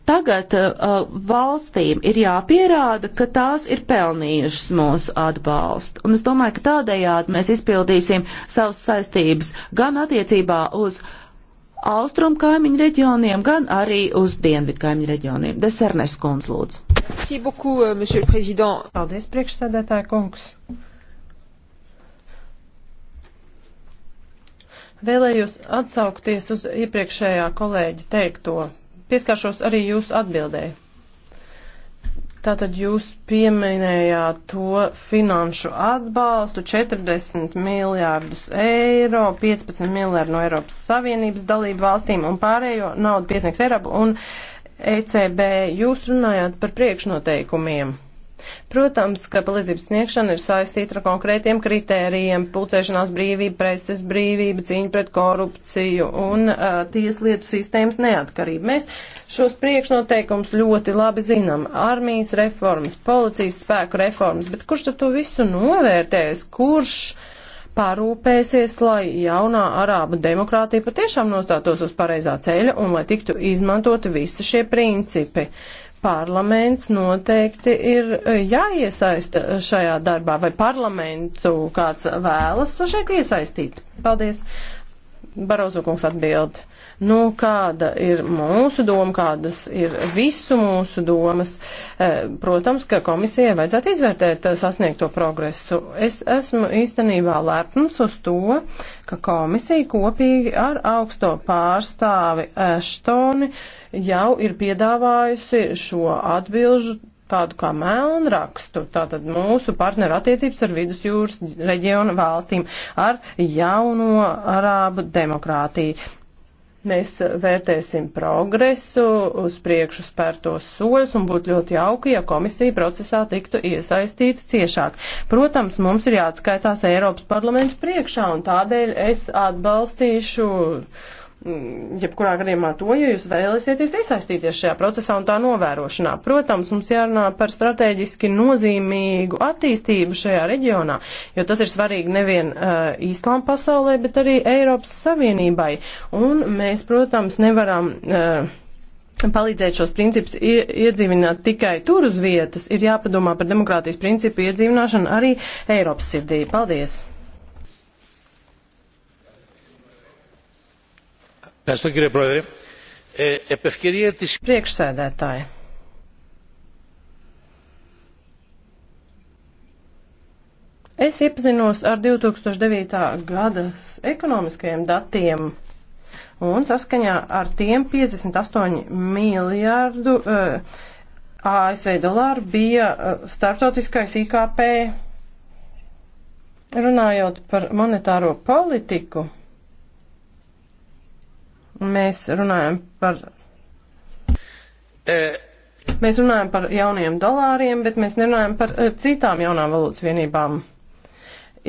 Tagad uh, uh, valstīm ir jāpierāda, ka tās ir pelnījušas mūsu atbalstu. Un es domāju, ka tādējādi mēs izpildīsim savas saistības gan attiecībā uz austrumu kaimiņu reģioniem, gan arī uz dienvidu kaimiņu reģioniem. Desernes kundz lūdzu.
Euh, Paldies, priekšsēdētāja kungs. Vēlējos atsaukties uz iepriekšējā kolēģa teikto pieskaršos arī jūsu atbildēji. Tātad jūs pieminējāt to finanšu atbalstu 40 miljārdus eiro, 15 miljārdu no Eiropas Savienības dalību valstīm un pārējo naudu piesniegs Eiropu un ECB. Jūs runājāt par priekšnoteikumiem. Protams, ka palīdzības sniegšana ir saistīta ar konkrētiem kritērijiem - pulcēšanās brīvība, preses brīvība, cīņa pret korupciju un uh, tieslietu sistēmas neatkarība. Mēs šos priekšnoteikums ļoti labi zinām - armijas reformas, policijas spēku reformas, bet kurš tad to visu novērtēs? Kurš? parūpēsies, lai jaunā arābu demokrātija patiešām nostātos uz pareizā ceļa un lai tiktu izmantoti visi šie principi. Uh, parlaments noteikti ir eh, jāiesaista šajā darbā, vai parlamentu kāds vēlas šeit iesaistīt. Paldies. Barozo kungs atbild. Nu, kāda ir mūsu doma, kādas ir visu mūsu domas? Eh, protams, ka komisijai vajadzētu izvērtēt eh, sasniegto progresu. Es esmu īstenībā lepns uz to, ka komisija kopīgi ar augsto pārstāvi Eštoni. Uh, jau ir piedāvājusi šo atbilžu tādu kā melnrakstu, tātad mūsu partneru attiecības ar vidusjūras reģionu valstīm, ar jauno arābu demokrātiju. Mēs vērtēsim progresu, uz priekšu spērtos soļus un būtu ļoti jauki, ja komisija procesā tiktu iesaistīta ciešāk. Protams, mums ir jāatskaitās Eiropas parlamentu priekšā un tādēļ es atbalstīšu uh, Mm, jebkurā gadījumā to, ja jūs vēlēsieties iesaistīties šajā procesā un tā novērošanā. Protams, mums jārunā par strateģiski nozīmīgu attīstību šajā reģionā, jo tas ir svarīgi nevien uh, Īslām pasaulē, bet arī Eiropas Savienībai. Un mēs, protams, nevaram. Uh, palīdzēt šos principus iedzīvināt tikai tur uz vietas, ir jāpadomā par demokrātijas principu iedzīvināšanu arī Eiropas sirdī. Paldies! Priekšsēdētāji. Es iepazinos ar 2009. gada ekonomiskajiem datiem, un saskaņā ar tiem 58 miljārdu uh, e, ASV dolāru bija uh, starptautiskais IKP. Runājot par monetāro politiku, Mēs runājam par. E. Mēs runājam par jauniem dolāriem, bet mēs nerunājam par eh, citām jaunām valūtas vienībām.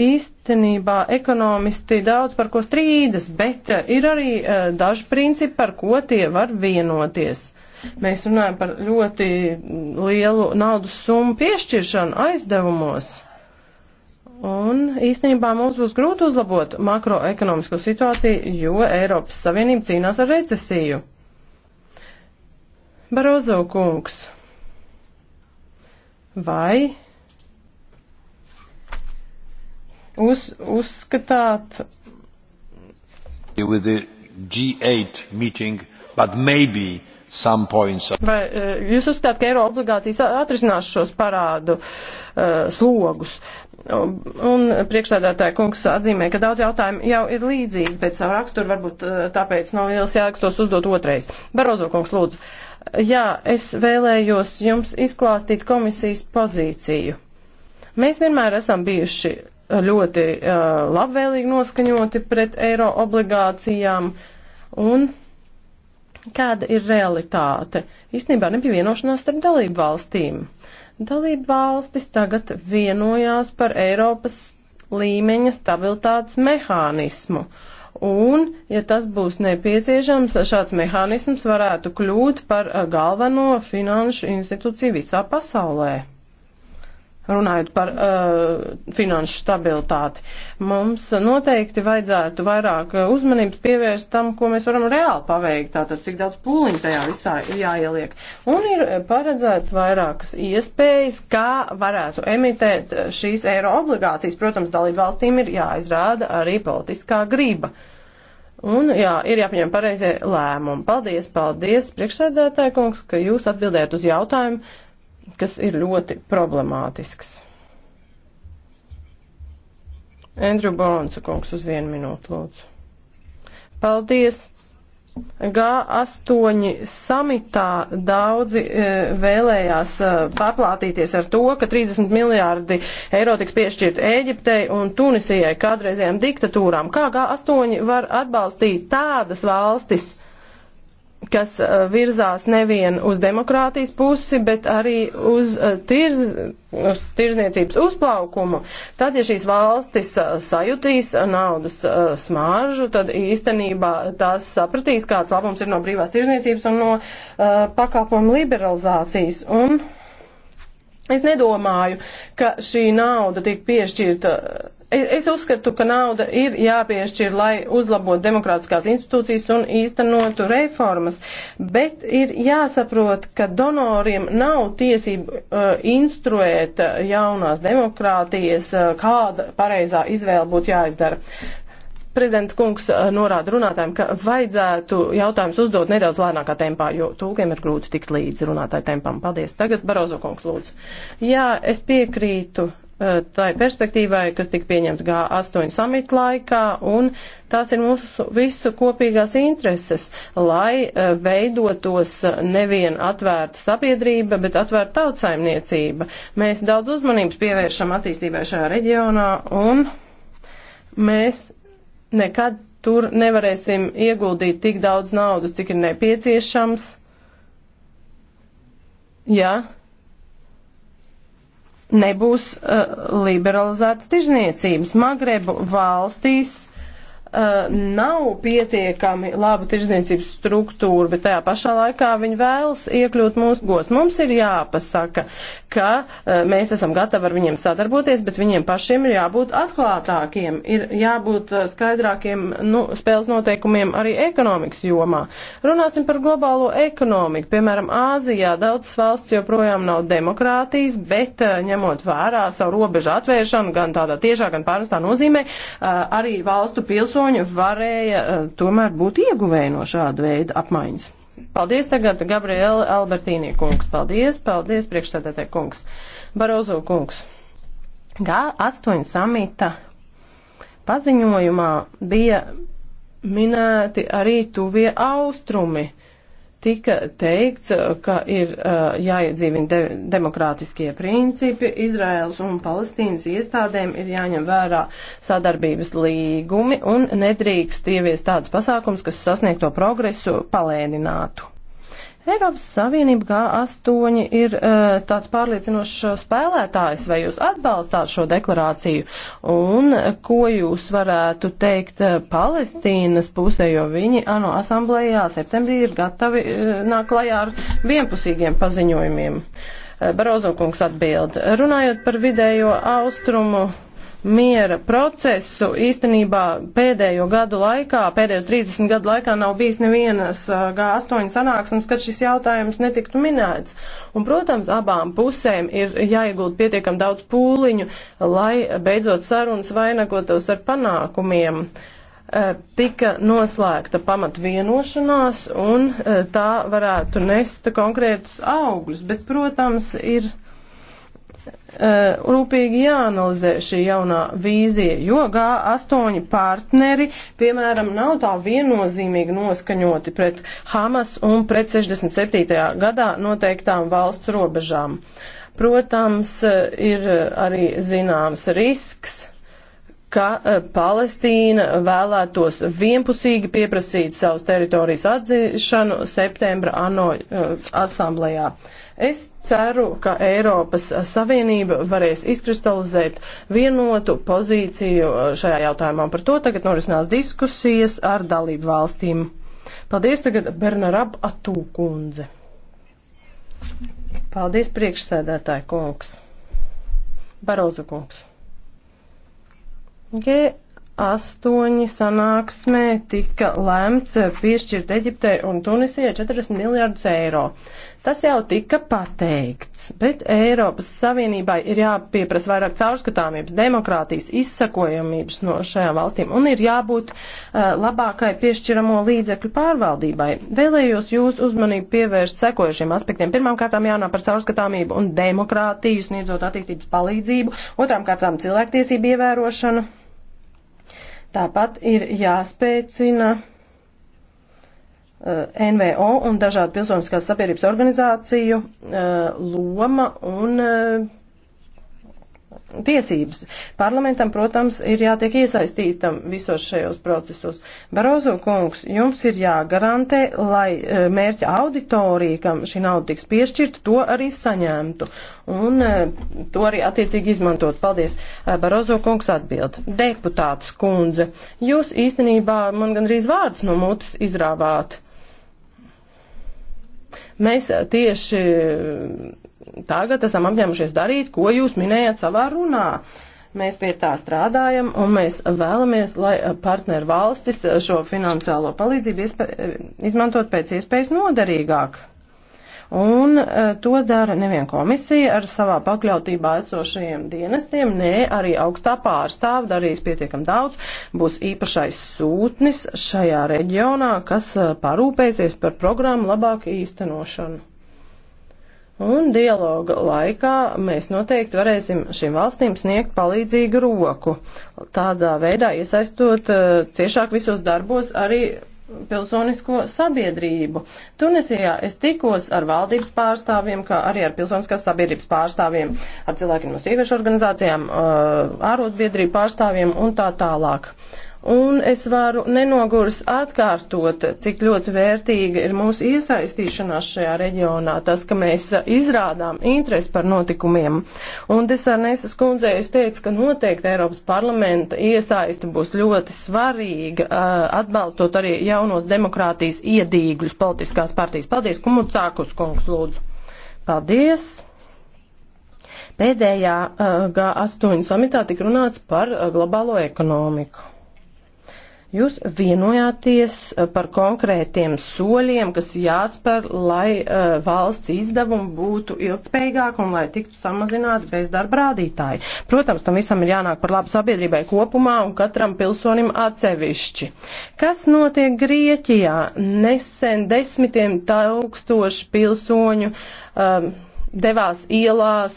Īstenībā ekonomisti daudz par ko strīdas, bet eh, ir arī uh, daži principi, par ko tie var vienoties. Mēs runājam par ļoti lielu naudas summu piešķiršanu aizdevumos. Un īstenībā mums būs grūti uzlabot makroekonomisko situāciju, jo Eiropas Savienība cīnās ar recesiju. Barozo kungs, vai uz, uzskatāt. G8 meeting, but maybe some points. Vai eh, jūs uzskatāt, ka eiro obligācijas atrisinās šos parādu uh, slogus? Un priekšsēdētāja kungs atzīmē, ka daudz jautājumu jau ir līdzīgi pēc savu raksturu, varbūt eh, tāpēc nav liels jēgas tos uzdot otrais. Barozo kungs, lūdzu. Jā, es vēlējos jums izklāstīt komisijas pozīciju. Mēs vienmēr esam bijuši eh, ļoti uh, labvēlīgi noskaņoti pret eiro obligācijām un kāda ir realitāte. Īstenībā nebija vienošanās starp dalību valstīm. Dalība valstis tagad vienojās par Eiropas līmeņa stabilitātes mehānismu. Un, ja tas būs nepieciešams, šāds mehānisms varētu kļūt par eh, galveno finanšu institūciju visā pasaulē runājot par uh, finanšu stabilitāti. Mums noteikti vajadzētu vairāk uh, uzmanības pievērst tam, ko mēs varam reāli paveikt, tātad cik daudz pūliņu tajā visā ir jāieliek. Un ir paredzēts vairākas iespējas, kā varētu emitēt uh, šīs eiro obligācijas. Protams, dalību valstīm ir jāizrāda arī politiskā grība. Un jā, ir jāpieņem pareizie lēmumi. Paldies, paldies, priekšsēdētāji kungs, ka jūs atbildējat uz jautājumu kas ir ļoti problemātisks. Andrew Bonsa kungs uz vienu minūtu lūdzu. Paldies! G8 samitā daudzi e, vēlējās e, paplātīties ar to, ka 30 miljārdi eiro tiks piešķirt Ēģiptei un Tunisijai kādreizējām diktatūrām. Kā G8 var atbalstīt tādas valstis? kas uh, virzās nevien uz demokrātijas pusi, bet arī uz, uh, tirz, uz tirzniecības uzplaukumu. Tad, ja šīs valstis uh, sajutīs naudas smāržu, tad īstenībā tās sapratīs, kāds labums ir no brīvās tirzniecības un no uh, pakalpojumu liberalizācijas. Un es nedomāju, ka šī nauda tiek piešķirta Es uzskatu, ka nauda ir jāpiešķir, lai uzlabotu demokrātiskās institūcijas un īstenotu reformas, bet ir jāsaprot, ka donoriem nav tiesību uh, instruēt uh, jaunās demokrātijas, uh, kāda pareizā izvēle būtu jāizdara. Prezidenta kungs uh, norāda runātājiem, ka vajadzētu jautājums uzdot nedaudz lēnākā tempā, jo tūkiem ir grūti tikt līdz runātāju tempam. Paldies. Tagad Barozo kungs lūdzu. Jā, es piekrītu Eh, tai perspektīvai, kas tika pieņemta G8 samita laikā, un tās ir mūsu visu kopīgās intereses, lai eh, veidotos nevien atvērta sabiedrība, bet atvērta tautsaimniecība. Mēs daudz uzmanības pievēršam attīstībai šajā reģionā, un mēs nekad tur nevarēsim ieguldīt tik daudz naudas, cik ir nepieciešams. Jā. Ja? nebūs uh, liberalizētas tirzniecības. Magrebu valstīs uh, nav pietiekami laba tirzniecības struktūra, bet tajā pašā laikā viņi vēlas iekļūt mūsu gost. Mums ir jāpasaka, ka uh, mēs esam gatavi ar viņiem sadarboties, bet viņiem pašiem ir jābūt atklātākiem, ir jābūt uh, skaidrākiem nu, spēles noteikumiem arī ekonomikas jomā. Runāsim par globālo ekonomiku. Piemēram, Āzijā daudzas valsts joprojām nav demokrātijas, bet uh, ņemot vērā savu robežu atvēršanu gan tādā tiešā, gan pārnestā nozīmē, uh, arī valstu pilsoņu pilsoņu varēja eh, tomēr būt ieguvēji no šāda veida apmaiņas. Paldies tagad Gabriela Albertīnī kungs. Paldies, paldies priekšsēdētē kungs. Barozo kungs. G8 samita paziņojumā bija minēti arī tuvie austrumi. Uh, tika teikts, ka ir uh, jāiedzīvina de demokrātiskie principi, Izraels un Palestīnas iestādēm ir jāņem vērā sadarbības līgumi un nedrīkst ieviest tādas pasākums, kas sasniegto progresu palēninātu. Eiropas Savienība G8 ir uh, tāds pārliecinošs spēlētājs, vai jūs atbalstāt šo deklarāciju, un ko jūs varētu teikt eh, Palestīnas pusē, jo viņi ANO asamblējā septembrī ir gatavi uh, nāk klajā ar vienpusīgiem paziņojumiem. Uh, Barozo kungs atbild. Runājot par vidējo austrumu miera procesu īstenībā pēdējo gadu laikā, pēdējo 30 gadu laikā nav bijis nevienas G8 sanāksmes, kad šis jautājums netiktu minēts. Un, protams, abām pusēm ir jāiegūt pietiekam daudz pūliņu, lai beidzot sarunas vainagotos ar panākumiem. Tika noslēgta pamat vienošanās un tā varētu nest konkrētus augļus, bet, protams, ir Eh, rūpīgi jāanalizē šī jaunā vīzija, jo G8 partneri, piemēram, nav tā viennozīmīgi noskaņoti pret Hamas un pret 67. gadā noteiktām valsts robežām. Protams, eh, ir arī zināms risks ka eh, Palestīna vēlētos vienpusīgi pieprasīt savus teritorijas atzīšanu septembra ANO asamblējā. Uh, Es ceru, ka Eiropas Savienība varēs izkristalizēt vienotu pozīciju šajā jautājumā. Par to tagad norisinās diskusijas ar dalību valstīm. Paldies tagad Bernarab Atūkundze. Paldies priekšsēdētāji kungs. Barozu kungs. G astoņi sanāksmē tika lēmts piešķirt Eģiptei un Tunisijai 40 miljārdus eiro. Tas jau tika pateikts, bet Eiropas Savienībai ir jāpieprasa vairāk caurskatāmības, demokrātijas, izsakojamības no šajām valstīm un ir jābūt uh, labākai piešķiramo līdzekļu pārvaldībai. Vēlējos jūs uzmanību pievērst sekojušiem aspektiem. Pirmkārtām jānāk par caurskatāmību un demokrātiju, sniedzot attīstības palīdzību, otrām kārtām cilvēktiesību ievērošanu Tāpat ir jāspēcina eh, NVO un dažādu pilsoniskās sabiedrības organizāciju eh, loma un eh, tiesības. Parlamentam, protams, ir jātiek iesaistītam visos šajos procesos. Barozo kungs, jums ir jāgarantē, lai e, mērķa auditorija, kam šī nauda tiks piešķirta, to arī saņemtu un e, to arī attiecīgi izmantot. Paldies. E, Barozo kungs atbild. Deputāts kundze, jūs īstenībā man gandrīz vārdus no mutes izrāvāt. Mēs tieši tagad esam apņēmušies darīt, ko jūs minējat savā runā. Mēs pie tā strādājam, un mēs vēlamies, lai eh, partneru valstis eh, šo finansiālo palīdzību eh, izmantot pēc iespējas noderīgāk. Un e, to dara nevien komisija ar savā pakļautībā esošajiem dienestiem, nē, arī augstā pārstāva darīs pietiekam daudz, būs īpašais sūtnis šajā reģionā, kas parūpēsies par programmu labāku īstenošanu. Un dialoga laikā mēs noteikti varēsim šīm valstīm sniegt palīdzīgu roku, tādā veidā iesaistot uh, ciešāk visos darbos arī pilsonisko sabiedrību. Tunisijā es tikos ar valdības pārstāvjiem, kā arī ar pilsoniskās sabiedrības pārstāvjiem, ar cilvēkiem no sieviešu organizācijām, uh, ārotbiedrību pārstāvjiem un tā tālāk. Uh, Un es varu nenogurs atkārtot, cik ļoti vērtīga ir mūsu iesaistīšanās šajā reģionā, tas, ka mēs izrādām interesi par notikumiem. Un Desarnēsas kundzē es teicu, ka noteikti Eiropas parlamenta iesaista būs ļoti svarīga, atbalstot arī jaunos demokrātijas iedīgļus politiskās partijas. Paldies, Kumucākus kungs, lūdzu. Paldies. Pēdējā G8 samitā tika runāts par globālo ekonomiku. Jūs vienojāties eh, par konkrētiem soļiem, kas jāspēr, lai uh, valsts izdevumi būtu ilgspējīgāki un lai tiktu samazināti bezdarba rādītāji. Protams, tam visam ir jānāk par labu sabiedrībai kopumā un katram pilsonim atsevišķi. Kas notiek Grieķijā? Nesen desmitiem tūkstoši pilsoņu. Um, uh, devās ielās,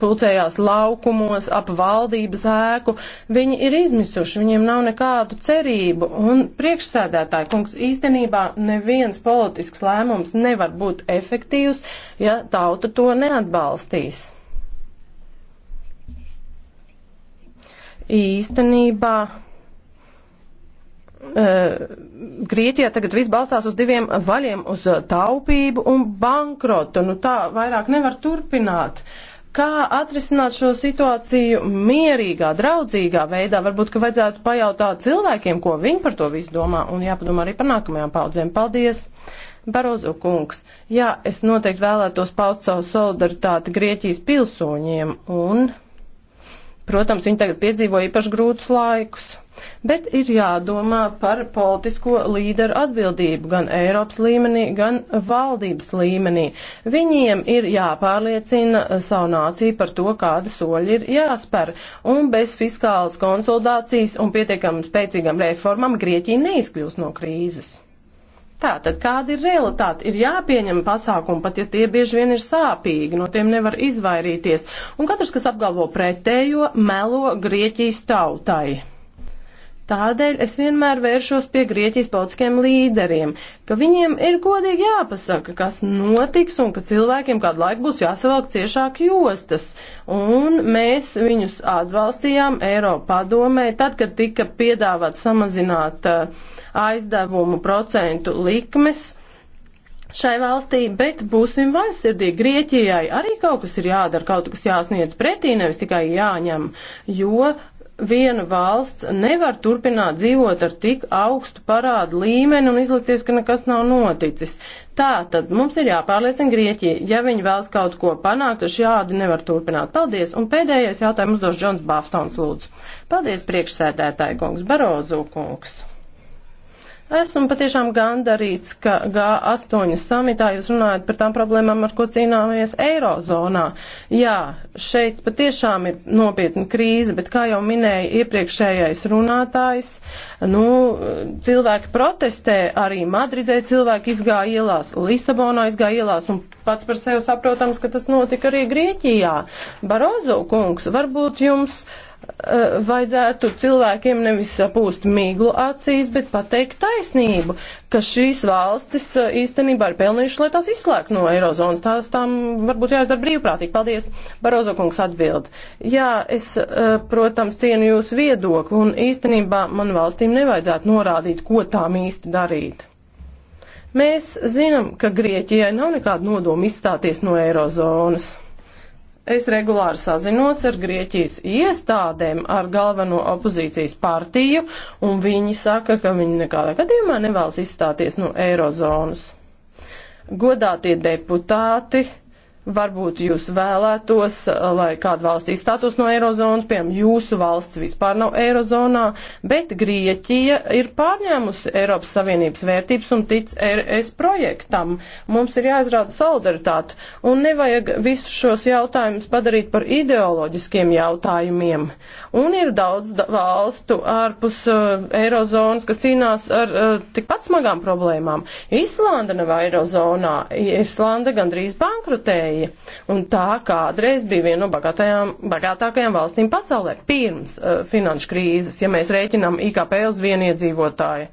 pulcējās laukumos, ap valdības ēku. Viņi ir izmisuši, viņiem nav nekādu cerību. Un priekšsēdētāji, kungs, īstenībā neviens politisks lēmums nevar būt efektīvs, ja tauta to neatbalstīs. Īstenībā Eh, Grieķijā tagad viss balstās uz diviem vaļiem - uz eh, taupību un bankrotu. Nu, tā vairāk nevar turpināt. Kā atrisināt šo situāciju mierīgā, draudzīgā veidā? Varbūt, ka vajadzētu pajautāt cilvēkiem, ko viņi par to visu domā, un jāpadomā arī par nākamajām paudzēm. Paldies! Barozu kungs, jā, es noteikti vēlētos paust savu solidaritāti Grieķijas pilsoņiem un Protams, viņi tagad piedzīvo īpaši grūtus laikus, bet ir jādomā par politisko līderu atbildību gan Eiropas līmenī, gan valdības līmenī. Viņiem ir jāpārliecina savu nāciju par to, kāda soļa ir jāspēr, un bez fiskālas konsolidācijas un pietiekam spēcīgam reformam Grieķija neizkļūs no krīzes. Tātad, kāda ir realitāte? Ir jāpieņem pasākumi, pat ja tie bieži vien ir sāpīgi, no tiem nevar izvairīties. Un katrs, kas apgalvo pretējo, melo Grieķijas tautai. Tādēļ es vienmēr vēršos pie Grieķijas politiskiem līderiem, ka viņiem ir godīgi jāpasaka, kas notiks un ka cilvēkiem kādu laiku būs jāsavalk ciešāk jostas. Un mēs viņus atbalstījām Eiropa padomē, tad, kad tika piedāvāt samazināt eh, aizdevumu procentu likmes šai valstī, bet būsim vaļsirdīgi. Grieķijai arī kaut kas ir jādara, kaut kas jāsniedz pretī, nevis tikai jāņem, jo viena valsts nevar turpināt dzīvot ar tik augstu parādu līmeni un izlikties, ka nekas nav noticis. Tā tad mums ir jāpārliecina Grieķija, ja viņi vēlas kaut ko panākt, tad šādi nevar turpināt. Paldies! Un pēdējais jautājums uzdos Džons Bafstons lūdzu. Paldies priekšsēdētāji kungs, Barozu kungs! Esmu patiešām gandarīts, ka G8 samitā jūs runājat par tām problēmām, ar ko cīnāmies Eirozonā. Jā, šeit patiešām ir nopietna krīze, bet kā jau minēja iepriekšējais runātājs, nu, cilvēki protestē, arī Madridē cilvēki izgāja ielās, Lisabonā izgāja ielās, un pats par sevi saprotams, ka tas notika arī Grieķijā. Barozo kungs, varbūt jums. Uh, Eh, vajadzētu cilvēkiem nevis sapūst miglu acīs, bet pateikt taisnību, ka šīs valstis eh, īstenībā ir pelnījušas, lai tās izslēgtu no Eirozonas. Tās tām varbūt jāizdara brīvprātīgi. Paldies, Barozo kungs atbild. Jā, es, eh, protams, cienu jūsu viedokli, un īstenībā man valstīm nevajadzētu norādīt, ko tām īsti darīt. Mēs zinām, ka Grieķijai nav nekāda nodoma izstāties no Eirozonas. Es regulāri sazinos ar Grieķijas iestādēm, ar galveno opozīcijas partiju, un viņi saka, ka viņi nekādā gadījumā nevēlas izstāties no Eirozonas. Godātie deputāti, Varbūt jūs vēlētos, eh, lai kāda valsts izstātos no Eirozonas, piemēram, jūsu valsts vispār nav Eirozonā, bet Grieķija ir pārņēmusi Eiropas Savienības vērtības un tic ES projektam. Mums ir jāizrāda solidaritāte un nevajag visus šos jautājumus padarīt par ideoloģiskiem jautājumiem. Un ir daudz valstu ārpus uh, Eirozonas, kas cīnās ar uh, tikpat smagām problēmām. Islanda nav Eirozonā, Islanda gandrīz bankrutēja Krievija. Un tā kādreiz bija viena no bagātākajām valstīm pasaulē pirms uh, finanšu krīzes, ja mēs rēķinām IKP uz vienu iedzīvotāju.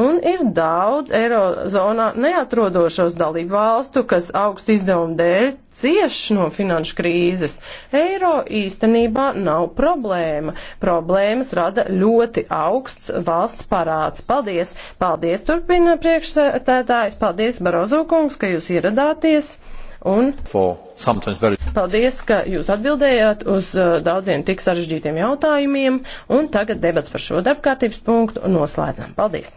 Un ir daudz eirozonā neatrodošos dalību valstu, kas augstu izdevumu dēļ cieš no finanšu krīzes. Eiro īstenībā nav problēma. Problēmas rada ļoti augsts valsts parāds. Paldies! Paldies, turpina priekšsētētājs! Paldies, Barozo kungs, ka jūs ieradāties! Un very... paldies, ka jūs atbildējāt uz uh, daudziem tik sarežģītiem jautājumiem, un tagad debats par šo darbkārtības punktu noslēdzam. Paldies!